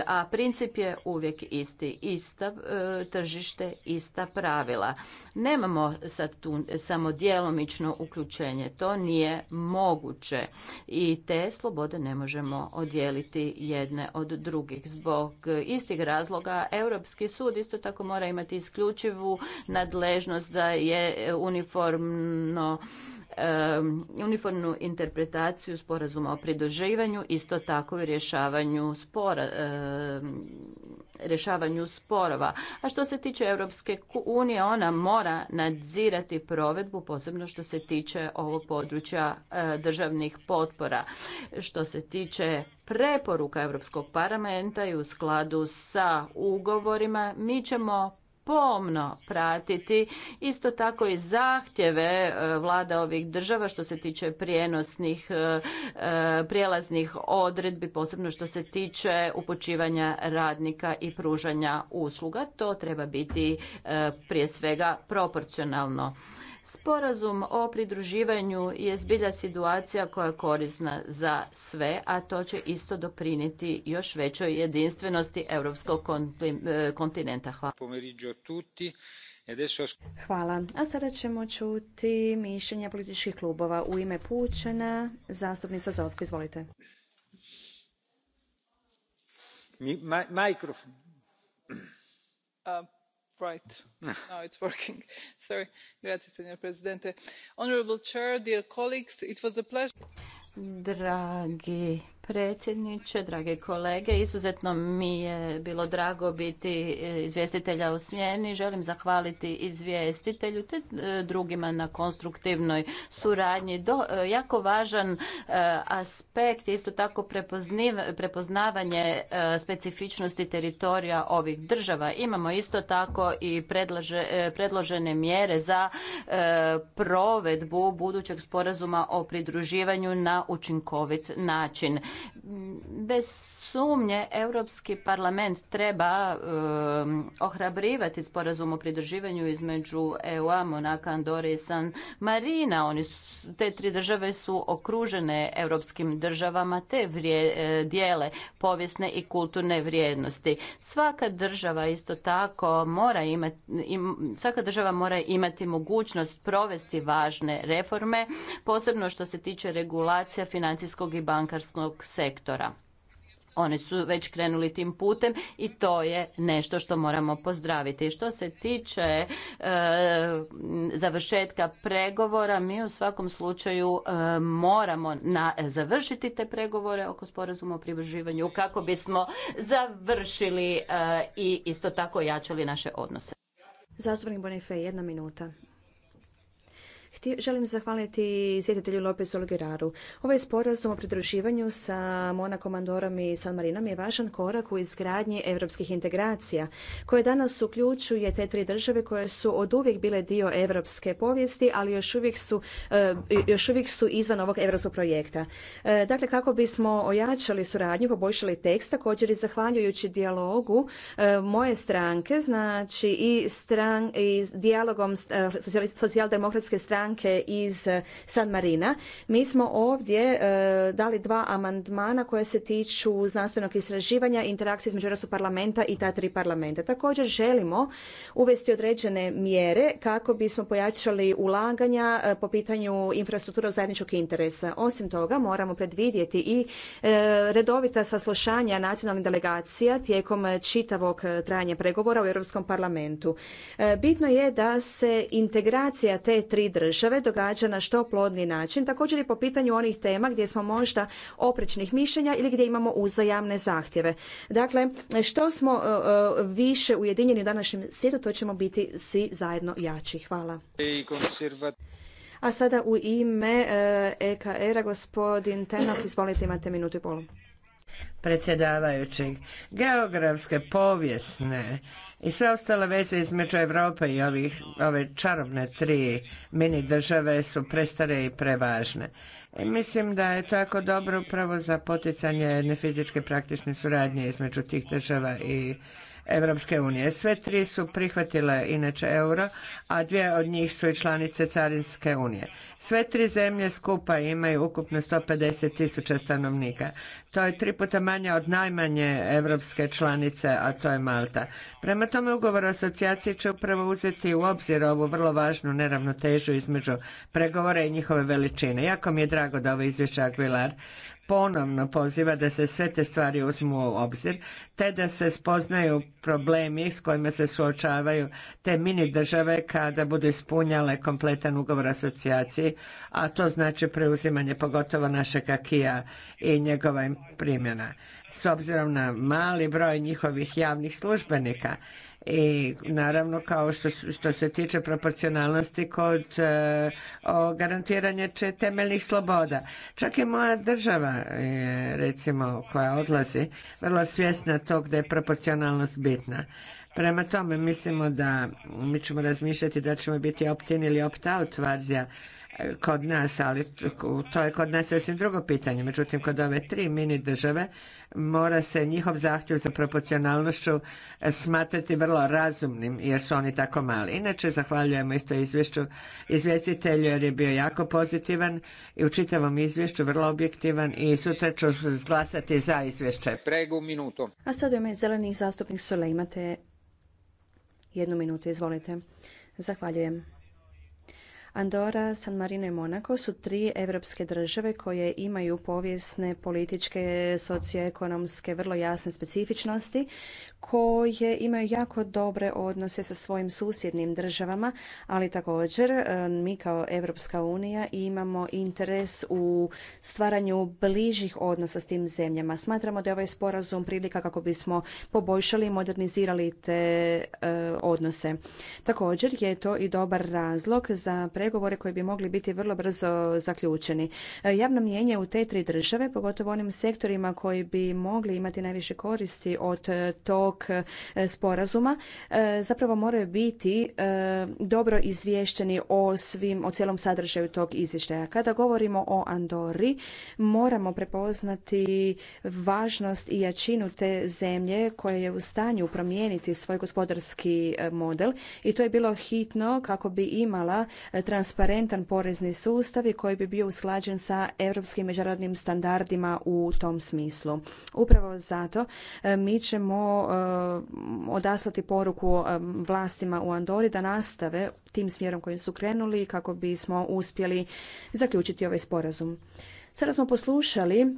a princip je uvijek isti. Ista e, tržište, ista pravila. Nemamo sad tu samo djelomično uključenje. To nije moguće i te slobode ne možemo odjeliti jedne od drugih. Zbog istih razloga Europski sud isto tako mora imati isključivu nadležnost da je uniformno uniformnu interpretaciju sporazuma o pridruživanju, isto tako i rješavanju, spora, rješavanju sporova. A što se tiče Europske unije, ona mora nadzirati provedbu, posebno što se tiče ovog područja e, državnih potpora. Što se tiče preporuka Europskog parlamenta i u skladu sa ugovorima, mi ćemo pomno pratiti isto tako i zahtjeve e, vlada ovih država što se tiče prijenosnih e, e, prijelaznih odredbi posebno što se tiče upućivanja radnika i pružanja usluga to treba biti prije svega proporcionalno Sporazum o pridruživanju je zbilja situacija koja je korisna za sve, a to će isto doprinijeti još većoj jedinstvenosti europskog e, kontinenta. Hvala. E Hvala. A sada ćemo čuti mišljenja političkih klubova. U ime Pučana, zastupnica Zovko, izvolite. Mikrofon. Ah. [laughs] dear colleagues, it was a pleasure dragi predsjedniče, drage kolege. Izuzetno mi je bilo drago biti e, izvjestitelja u smjeni. Želim zahvaliti izvjestitelju te e, drugima na konstruktivnoj suradnji. E, jako važan aspekt je isto tako prepoznavanje specifičnosti teritorija ovih država. Imamo isto tako i predlaže, predložene mjere za provedbu budućeg sporazuma o pridruživanju na učinkovit način. Bez sumnje, Europski parlament treba um, ohrabrivati sporazum o pridrživanju između EU-a, Monaka, Andore i San Marina. Oni su, te tri države su okružene europskim državama te e, dijele povijesne i kulturne vrijednosti. Svaka država isto tako mora imati, svaka država mora imati mogućnost provesti važne reforme, posebno što se tiče regulacija financijskog i bankarskog sektora. Oni su već krenuli tim putem i to je nešto što moramo pozdraviti. Što se tiče e, završetka pregovora, mi u svakom slučaju e, moramo na, završiti te pregovore oko sporazuma o privrživanju kako bismo završili e, i isto tako jačali naše odnose. Zastupnik Bonifej, jedna minuta. Želim zahvaliti izvjetitelju Lopez Olgeraru. Ovaj sporazum o pridruživanju sa Monakom, Andorom i San Marinom je važan korak u izgradnji europskih integracija, koje danas uključuje te tri države koje su od uvijek bile dio europske povijesti, ali još uvijek su, e, izvan ovog europskog projekta. E, dakle, kako bismo ojačali suradnju, poboljšali tekst, također i zahvaljujući dijalogu e, moje stranke, znači i, stran, dijalogom socijaldemokratske stranke stranke iz eh, San Marina. Mi smo ovdje eh, dali dva amandmana koje se tiču znanstvenog istraživanja, interakcije između Europskog parlamenta i ta tri parlamenta. Također želimo uvesti određene mjere kako bismo pojačali ulaganja eh, po pitanju infrastrukture zajedničkog interesa. Osim toga moramo predvidjeti i redovita saslušanja nacionalnih delegacija tijekom čitavog trajanja pregovora u Europskom parlamentu. Bitno je da se integracija te tri države države događa na što plodni način, također i po pitanju onih tema gdje smo možda oprečnih mišljenja ili gdje imamo uzajamne zahtjeve. Dakle, što smo e, e, više ujedinjeni u današnjem svijetu, to ćemo biti svi zajedno jači. Hvala. A sada u ime EKR-a e gospodin Tenok, izvolite imate minutu i pol. Predsjedavajući, geografske, povijesne, i sve ostale veze između Europe i ovih, ove čarobne tri mini države su prestare i prevažne. I e, mislim da je tako dobro upravo za poticanje jedne fizičke praktične suradnje između tih država i Evropske unije. Sve tri su prihvatile inače euro, a dvije od njih su i članice Carinske unije. Sve tri zemlje skupa imaju ukupno 150 tisuća stanovnika. To je tri puta manje od najmanje europske članice, a to je Malta. Prema tome ugovor o asocijaciji će upravo uzeti u obzir ovu vrlo važnu neravnotežu između pregovora i njihove veličine. Jako mi je drago da ovo izvješće Aguilar ponovno poziva da se sve te stvari uzmu u obzir, te da se spoznaju problemi s kojima se suočavaju te mini države kada budu ispunjale kompletan ugovor asocijaciji, a to znači preuzimanje pogotovo našeg akija i njegova primjena. S obzirom na mali broj njihovih javnih službenika i naravno kao što, što se tiče proporcionalnosti kod e, garantiranja temeljnih sloboda. Čak i moja država je, recimo koja odlazi vrlo svjesna tog da je proporcionalnost bitna. Prema tome mislimo da mi ćemo razmišljati da ćemo biti opt-in ili opt-out varzija kod nas, ali to je kod nas sasvim drugo pitanje. Međutim, kod ove tri mini države mora se njihov zahtjev za proporcionalnošću e, smatrati vrlo razumnim jer su oni tako mali. Inače, zahvaljujemo isto izvješću izvjestitelju jer je bio jako pozitivan i u čitavom izvješću vrlo objektivan i sutra ću zglasati za izvješće. Pregu minutu. A sad u ime zeleni zastupnik Sole imate jednu minutu, izvolite. Zahvaljujem. Andora, San Marino i Monako su tri europske države koje imaju povijesne, političke, socioekonomske, vrlo jasne specifičnosti koje imaju jako dobre odnose sa svojim susjednim državama, ali također e, mi kao Europska unija imamo interes u stvaranju bližih odnosa s tim zemljama. Smatramo da je ovaj sporazum prilika kako bismo poboljšali i modernizirali te e, odnose. Također je to i dobar razlog za pregovore koji bi mogli biti vrlo brzo zaključeni. E, javno mijenje u te tri države, pogotovo onim sektorima koji bi mogli imati najviše koristi od tog ovog e, sporazuma e, zapravo moraju biti e, dobro izvješteni o svim, o cijelom sadržaju tog izvještaja. Kada govorimo o Andori, moramo prepoznati važnost i jačinu te zemlje koja je u stanju promijeniti svoj gospodarski model i to je bilo hitno kako bi imala transparentan porezni sustav i koji bi bio usklađen sa europskim međunarodnim standardima u tom smislu. Upravo zato mi ćemo Eh, odaslati poruku eh, vlastima u Andori da nastave tim smjerom kojim su krenuli kako bismo uspjeli zaključiti ovaj sporazum. Sada smo poslušali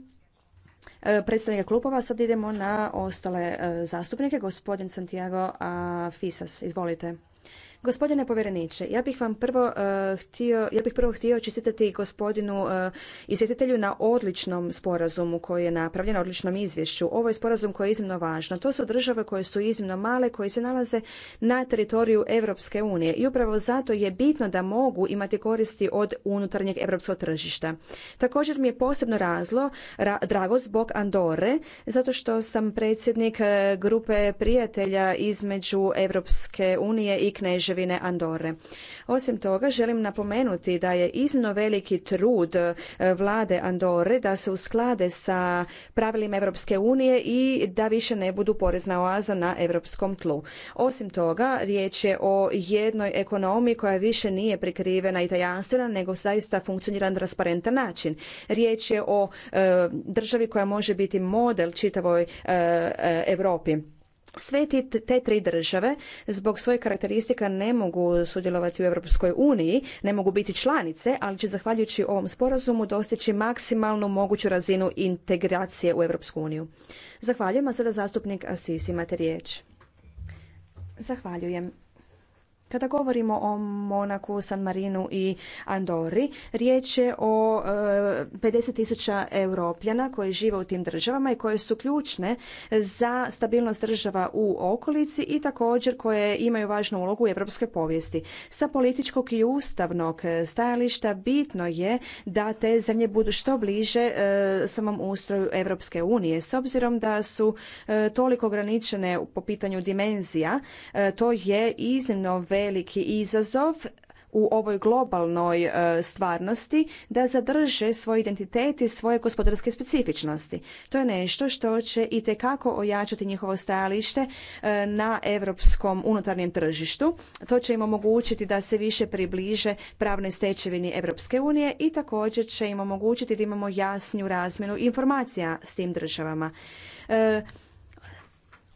eh, predstavnika klubova, sad idemo na ostale zastupnike. Gospodin Santiago Fisas, izvolite. Gospodine povjereniče, ja bih vam prvo eh, htio, ja bih prvo htio čestitati gospodinu eh, izvjestitelju na odličnom sporazumu koji je napravljen, odličnom izvješću. Ovo je sporazum koji je iznimno važno. To su države koje su iznimno male, koje se nalaze na teritoriju Europske unije i upravo zato je bitno da mogu imati koristi od unutarnjeg europskog tržišta. Također mi je posebno razlo, ra, drago zbog Andore, zato što sam predsjednik eh, grupe prijatelja između Europske unije i Knež Andore. Osim toga, želim napomenuti da je iznimno veliki trud e, vlade Andore da se usklade sa pravilima Europske unije i da više ne budu porezna oaza na europskom tlu. Osim toga, riječ je o jednoj ekonomiji koja više nije prikrivena i tajanstvena, nego zaista funkcionira na transparentan način. Riječ je o e, državi koja može biti model čitavoj e, Europi sve te tri države zbog svojih karakteristika ne mogu sudjelovati u Europskoj uniji, ne mogu biti članice, ali će zahvaljujući ovom sporazumu dostići maksimalnu moguću razinu integracije u Europsku uniju. Zahvaljujem, a sada zastupnik Asis imate riječ. Zahvaljujem. Kada govorimo o Monaku, San Marinu i Andori, riječ je o 50.000 e, tisuća europljana koji žive u tim državama i koje su ključne za stabilnost država u okolici i također koje imaju važnu ulogu u europskoj povijesti. Sa političkog i ustavnog stajališta bitno je da te zemlje budu što bliže e, samom ustroju Europske unije. S obzirom da su e, toliko ograničene po pitanju dimenzija, to je iznimno veliki izazov u ovoj globalnoj e, stvarnosti da zadrže svoj identitet i svoje gospodarske specifičnosti. To je nešto što će i tekako ojačati njihovo stajalište e, na europskom unutarnjem tržištu. To će im omogućiti da se više približe pravnoj stečevini Europske unije i također će im omogućiti da imamo jasniju razmjenu informacija s tim državama. E,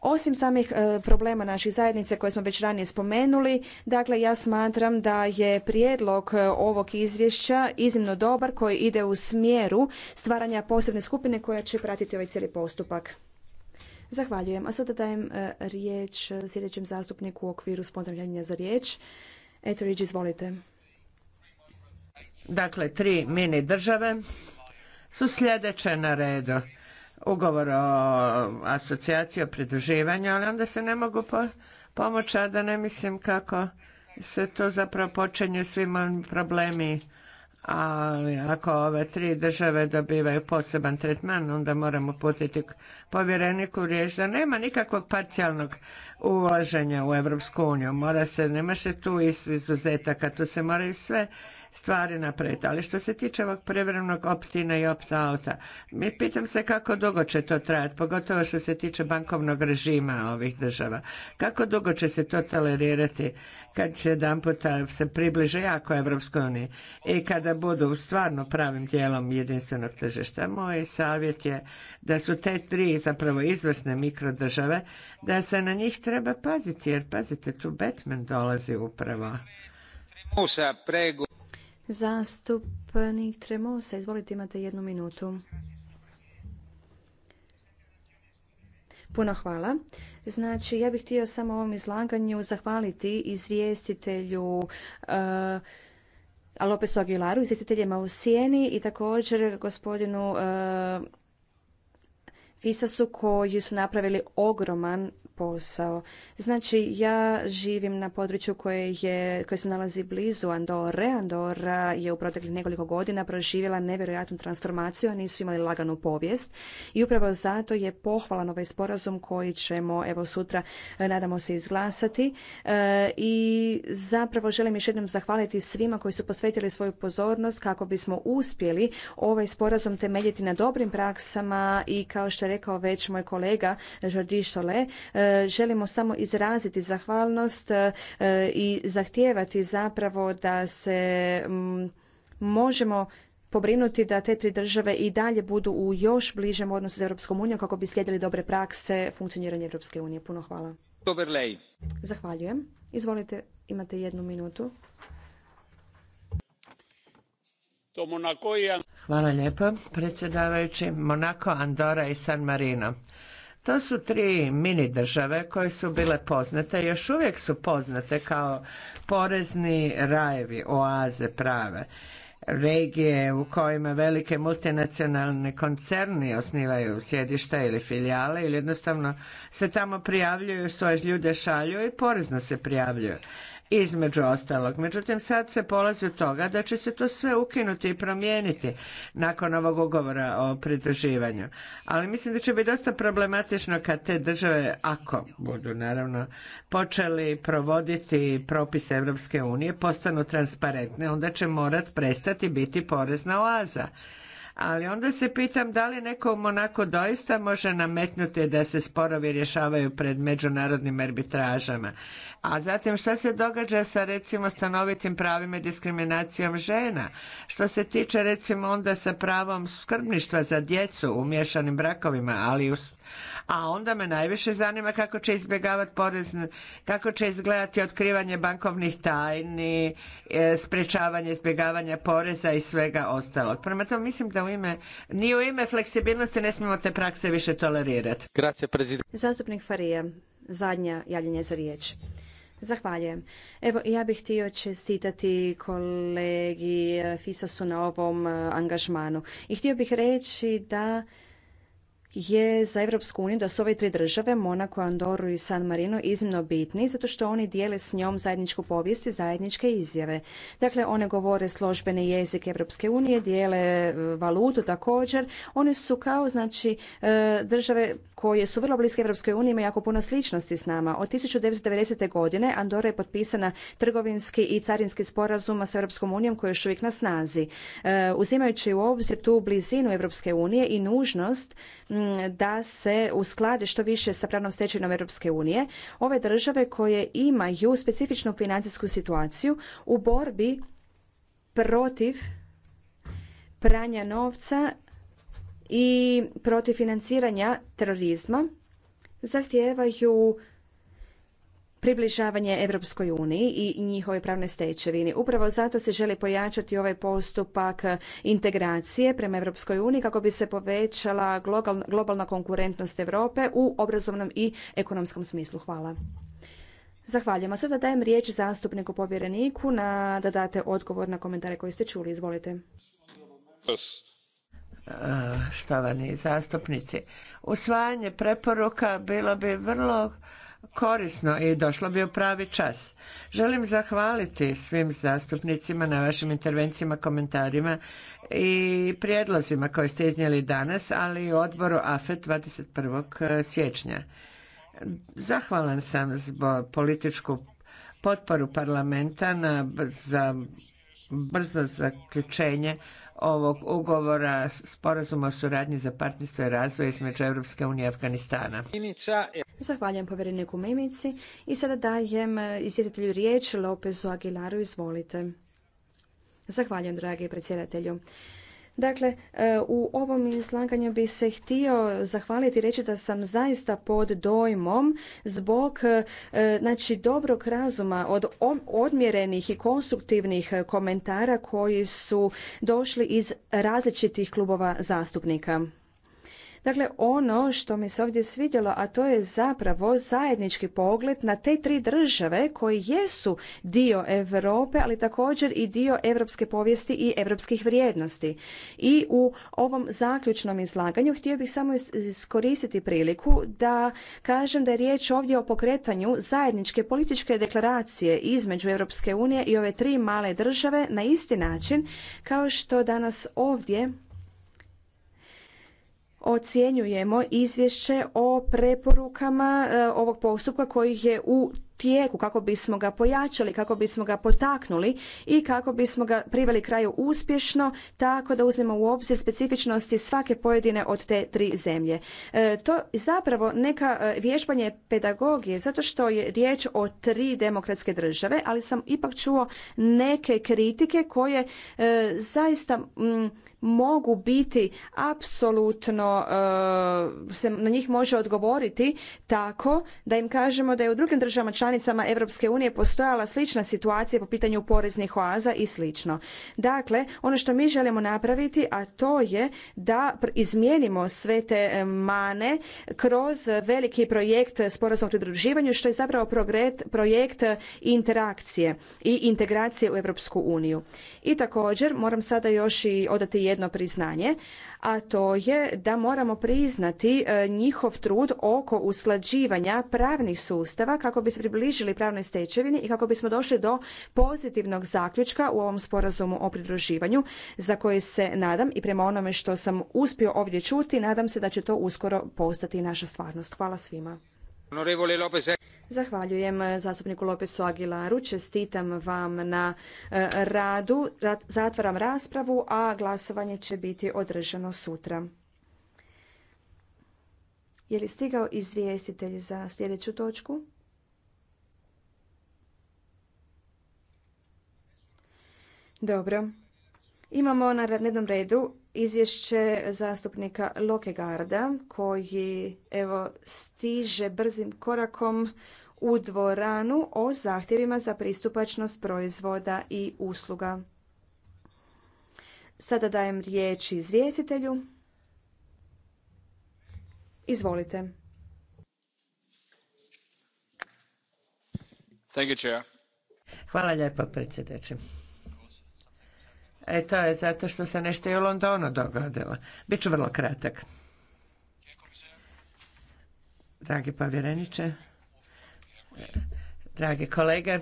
osim samih e, problema naših zajednice koje smo već ranije spomenuli, dakle ja smatram da je prijedlog e, ovog izvješća iznimno dobar koji ide u smjeru stvaranja posebne skupine koja će pratiti ovaj cijeli postupak. Zahvaljujem. A sada dajem e, riječ sljedećem zastupniku u okviru spontanjanja za riječ. Eto, riječ, izvolite. Dakle, tri mini države su sljedeće na redu ugovor o asocijaciji, o pridruživanju, ali onda se ne mogu pomoći, a da ne mislim kako se to zapravo počinje svima problemi ali ako ove tri države dobivaju poseban tretman, onda moramo putiti povjereniku riječ da nema nikakvog parcijalnog ulaženja u Europsku uniju. Mora se, nema se tu izuzetaka, tu se moraju sve stvari napraviti. Ali što se tiče ovog prevremenog optina i opt auta mi pitam se kako dugo će to trajati, pogotovo što se tiče bankovnog režima ovih država. Kako dugo će se to tolerirati kad će jedan se približe jako Evropskoj uniji i kada budu stvarno pravim dijelom jedinstvenog tržišta. Moj savjet je da su te tri zapravo izvrsne mikrodržave, da se na njih treba paziti, jer pazite, tu Batman dolazi upravo. Musa, Zastupnik Tremosa, izvolite imate jednu minutu. Puno hvala. Znači, ja bih htio samo ovom izlaganju zahvaliti izvjestitelju uh, eh, Alopesu Aguilaru, izvjestiteljima u Sijeni i također gospodinu eh, Visasu Fisasu koji su napravili ogroman posao. Znači, ja živim na području koje, je, koje se nalazi blizu Andore. Andora je u proteklih nekoliko godina proživjela nevjerojatnu transformaciju, a nisu imali laganu povijest. I upravo zato je pohvalan ovaj sporazum koji ćemo, evo sutra, e, nadamo se izglasati. E, I zapravo želim još jednom zahvaliti svima koji su posvetili svoju pozornost kako bismo uspjeli ovaj sporazum temeljiti na dobrim praksama i kao što je rekao već moj kolega Jordi Soler, e, želimo samo izraziti zahvalnost e, i zahtijevati zapravo da se možemo pobrinuti da te tri države i dalje budu u još bližem odnosu s Europskom unijom kako bi slijedili dobre prakse funkcioniranja Europske unije. Puno hvala. Zahvaljujem. Izvolite, imate jednu minutu. Hvala lijepo, predsjedavajući Monako, Andora i San Marino to su tri mini države koje su bile poznate i još uvijek su poznate kao porezni rajevi, oaze prave regije u kojima velike multinacionalne koncerni osnivaju sjedišta ili filijale ili jednostavno se tamo prijavljuju, svoje ljude šalju i porezno se prijavljuju između ostalog. Međutim, sad se polazi od toga da će se to sve ukinuti i promijeniti nakon ovog ugovora o pridruživanju. Ali mislim da će biti dosta problematično kad te države, ako budu naravno, počeli provoditi propise Europske unije, postanu transparentne, onda će morat prestati biti porezna oaza ali onda se pitam da li neko u Monaku doista može nametnuti da se sporovi rješavaju pred međunarodnim arbitražama. A zatim što se događa sa recimo stanovitim pravima i diskriminacijom žena? Što se tiče recimo onda sa pravom skrbništva za djecu u miješanim brakovima, ali u a onda me najviše zanima kako će izbjegavati porez kako će izgledati otkrivanje bankovnih tajni, e, sprečavanje izbjegavanja poreza i svega ostalog. Prema tome mislim da u ime, ni u ime fleksibilnosti ne smijemo te prakse više tolerirati. Grazie, Zastupnik Farija, zadnja javljenje za riječ. Zahvaljujem. Evo, ja bih htio čestitati kolegi Fisasu na ovom e, angažmanu. I htio bih reći da je za Europsku uniju da su ove tri države, Monako, Andoru i San Marino, iznimno bitni zato što oni dijele s njom zajedničku povijest i zajedničke izjave. Dakle, one govore službeni jezik Europske unije, dijele e, valutu također. One su kao znači e, države koje su vrlo bliske Europskoj uniji imaju jako puno sličnosti s nama. Od 1990. godine Andora je potpisana trgovinski i carinski sporazum sa Europskom unijom koji je još uvijek na snazi. E, uzimajući u obzir tu blizinu Europske unije i nužnost da se usklade što više sa pravnom stečevinom Europske unije, ove države koje imaju specifičnu financijsku situaciju u borbi protiv pranja novca i protiv financiranja terorizma zahtijevaju približavanje Europskoj uniji i njihove pravne stečevini. Upravo zato se želi pojačati ovaj postupak integracije prema Europskoj uniji kako bi se povećala globalna konkurentnost Europe u obrazovnom i ekonomskom smislu. Hvala. Zahvaljujem. A sada dajem riječ zastupniku povjereniku na da date odgovor na komentare koje ste čuli. Izvolite. Eh, štovani zastupnici. Usvajanje preporuka bilo bi vrlo korisno i došlo bi u pravi čas. Želim zahvaliti svim zastupnicima na vašim intervencijama, komentarima i prijedlozima koje ste iznijeli danas, ali i odboru AFET 21. Eh, siječnja. Zahvalan sam zbog političku potporu parlamenta na, za brzo zaključenje ovog ugovora sporazuma o suradnji za partnerstvo i razvoj između Europske unije i Afganistana. Zahvaljujem povjereniku Mimici i sada dajem eh, izvjetitelju riječ Lopezu Aguilaru, izvolite. Zahvaljujem, dragi predsjedatelju. Dakle, e, u ovom izlaganju bi se htio zahvaliti i reći da sam zaista pod dojmom zbog e, znači, dobrog razuma od odmjerenih i konstruktivnih komentara koji su došli iz različitih klubova zastupnika. Dakle, ono što mi se ovdje svidjelo, a to je zapravo zajednički pogled na te tri države koje jesu dio Europe, ali također i dio europske povijesti i europskih vrijednosti. I u ovom zaključnom izlaganju htio bih samo iskoristiti priliku da kažem da je riječ ovdje o pokretanju zajedničke političke deklaracije između Europske unije i ove tri male države na isti način kao što danas ovdje ocjenjujemo izvješće o preporukama e, ovog postupka koji je u tijeku kako bismo ga pojačali, kako bismo ga potaknuli i kako bismo ga priveli kraju uspješno tako da uzmemo u obzir specifičnosti svake pojedine od te tri zemlje. E, to zapravo neka e, vježbanje pedagogije zato što je riječ o tri demokratske države, ali sam ipak čuo neke kritike koje zaista mogu biti apsolutno eh, se na njih može odgovoriti tako da im kažemo da je u drugim državama članicama Europske unije postojala slična situacija po pitanju poreznih oaza i slično. Dakle, ono što mi želimo napraviti, a to je da izmijenimo sve te eh, mane kroz veliki projekt sporazum o pridruživanju što je zapravo projekt interakcije i integracije u Europsku uniju. I također moram sada još i odati jedno priznanje, a to je da moramo priznati e, njihov trud oko usklađivanja pravnih sustava kako bi se približili pravnoj stečevini i kako bismo došli do pozitivnog zaključka u ovom sporazumu o pridruživanju za koje se nadam i prema onome što sam uspio ovdje čuti, nadam se da će to uskoro postati naša stvarnost. Hvala svima. Eh. Zahvaljujem eh, zastupniku Lopesu Aguilaru, čestitam vam na eh, radu, zatvaram raspravu, a glasovanje će biti održano sutra. Je li stigao izvjestitelj za sljedeću točku? Dobro. Imamo na dnevnom redu izvješće zastupnika Lokegarda koji evo stiže brzim korakom u dvoranu o zahtjevima za pristupačnost proizvoda i usluga. Sada dajem riječ izvjestitelju. Izvolite. Hvala lijepo predsjedniče. E to je zato što se nešto i u Londonu dogodilo. Biću vrlo kratak. Dragi povjereniče, dragi kolege,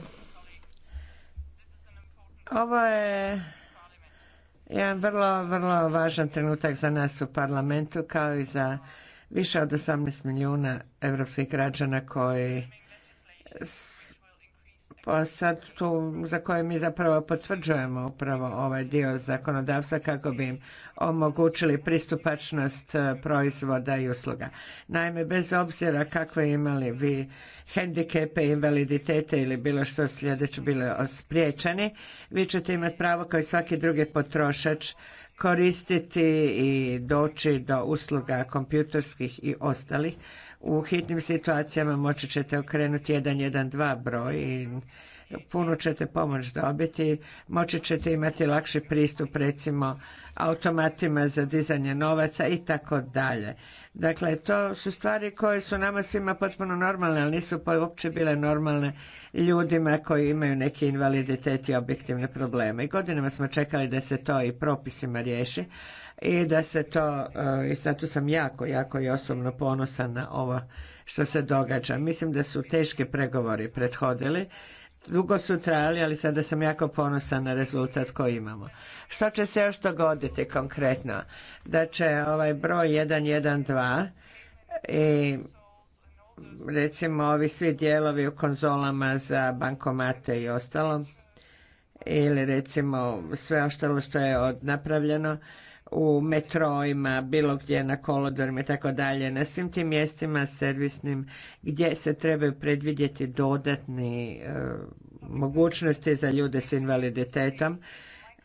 ovo je jedan vrlo, vrlo važan trenutak za nas u parlamentu kao i za više od 18 milijuna europskih građana koji pa sad tu za koje mi zapravo potvrđujemo upravo ovaj dio zakonodavstva kako bi im omogućili pristupačnost e, proizvoda i usluga. Naime, bez obzira kakve imali vi hendikepe, invaliditete ili bilo što sljedeće bili spriječeni, vi ćete imati pravo kao i svaki drugi potrošač koristiti i doći do usluga kompjuterskih i ostalih u hitnim situacijama moći ćete okrenuti 112 broj i puno ćete pomoć dobiti, moći ćete imati lakši pristup recimo automatima za dizanje novaca i tako dalje. Dakle, to su stvari koje su nama svima potpuno normalne, ali nisu uopće bile normalne ljudima koji imaju neki invaliditet i objektivne probleme. I godinama smo čekali da se to i propisima riješi, i da se to, e, i tu sam jako, jako i osobno ponosan na ovo što se događa. Mislim da su teški pregovori prethodili, dugo su trajali, ali sada sam jako ponosan na rezultat koji imamo. Što će se još dogoditi konkretno? Da će ovaj broj 112 i recimo ovi svi dijelovi u konzolama za bankomate i ostalo ili recimo sve ostalo što je napravljeno u metrojima, bilo gdje na kolodorima i tako dalje, na svim tim mjestima servisnim gdje se trebaju predvidjeti dodatni e, mogućnosti za ljude s invaliditetom.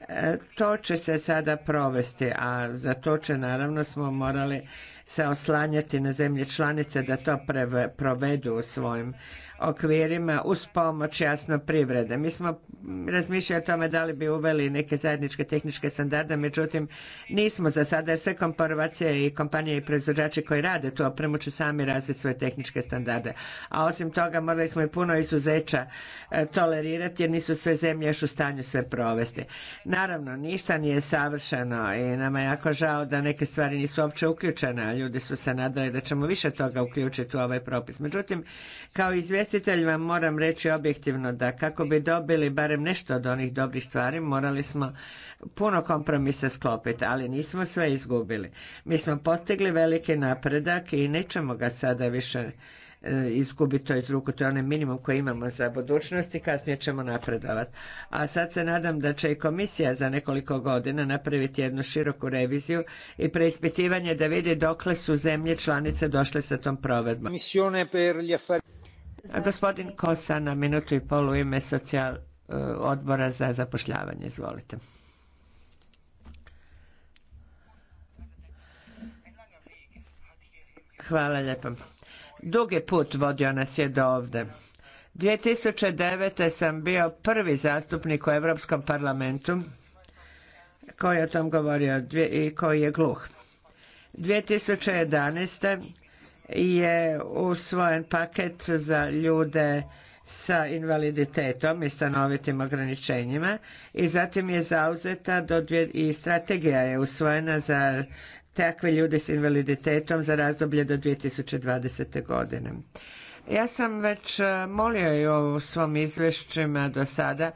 E, to će se sada provesti, a za to će naravno smo morali se oslanjati na zemlje članice da to provedu u svojim okvirima uz pomoć jasno privrede. Mi smo razmišljali o tome da li bi uveli neke zajedničke tehničke standarde, međutim nismo za sada jer sve korporacije i kompanije i proizvođači koji rade tu opremu će sami razviti svoje tehničke standarde. A osim toga morali smo i puno izuzeća e, tolerirati jer nisu sve zemlje još u stanju sve provesti. Naravno, ništa nije savršeno i nama je jako žao da neke stvari nisu uopće uključene, a ljudi su se nadali da ćemo više toga uključiti u ovaj propis. Međutim, kao izvjestitelj izvjestitelj vam moram reći objektivno da kako bi dobili barem nešto od onih dobrih stvari morali smo puno kompromisa sklopiti, ali nismo sve izgubili. Mi smo postigli veliki napredak i nećemo ga sada više e, izgubiti toj ruku, to je onaj minimum koji imamo za budućnost i kasnije ćemo napredovati. A sad se nadam da će i komisija za nekoliko godina napraviti jednu široku reviziju i preispitivanje da vidi dokle su zemlje članice došle sa tom provedbom. Gospodin Kosa na minutu i pol u ime socijal, e, odbora za zapošljavanje. Izvolite. Hvala lijepo. Dugi put vodio nas je do ovde. 2009. sam bio prvi zastupnik u Europskom parlamentu koji je o tom govorio i koji je gluh. 2011 je usvojen paket za ljude sa invaliditetom i stanovitim ograničenjima i zatim je zauzeta i strategija je usvojena za takve ljude s invaliditetom za razdoblje do 2020. godine. Ja sam već e, molio i u svom izvješćima do sada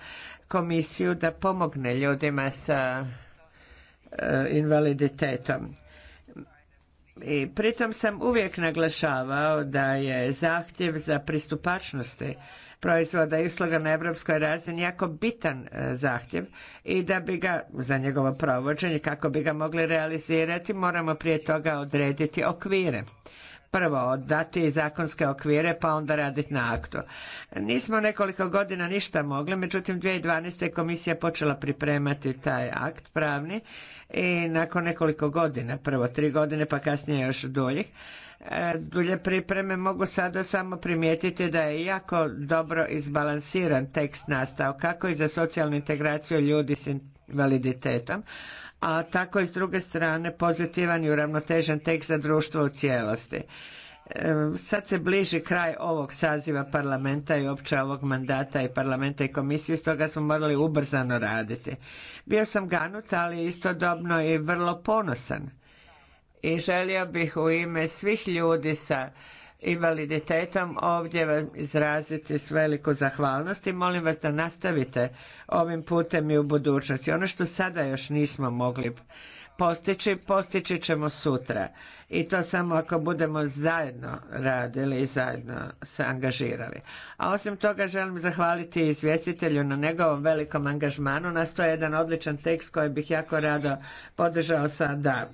komisiju da pomogne ljudima sa e, invaliditetom i pritom sam uvijek naglašavao da je zahtjev za pristupačnosti proizvoda i usluga na europskoj razini jako bitan e, zahtjev i da bi ga za njegovo provođenje, kako bi ga mogli realizirati, moramo prije toga odrediti okvire prvo dati zakonske okvire pa onda raditi na aktu. Nismo nekoliko godina ništa mogli, međutim 2012. komisija počela pripremati taj akt pravni i nakon nekoliko godina, prvo tri godine pa kasnije još duljih, e, dulje pripreme mogu sada samo primijetiti da je jako dobro izbalansiran tekst nastao kako i za socijalnu integraciju ljudi s invaliditetom, a tako i s druge strane pozitivan i uravnotežen tekst za društvo u cijelosti. Ehm, sad se bliži kraj ovog saziva parlamenta i opće ovog mandata i parlamenta i komisije, stoga smo morali ubrzano raditi. Bio sam ganut, ali istodobno i vrlo ponosan. I želio bih u ime svih ljudi sa invaliditetom ovdje izraziti s veliku zahvalnost i molim vas da nastavite ovim putem i u budućnosti. Ono što sada još nismo mogli postići, postići ćemo sutra. I to samo ako budemo zajedno radili i zajedno se angažirali. A osim toga želim zahvaliti izvjestitelju na njegovom velikom angažmanu. Nasto je jedan odličan tekst koji bih jako rado podržao sada.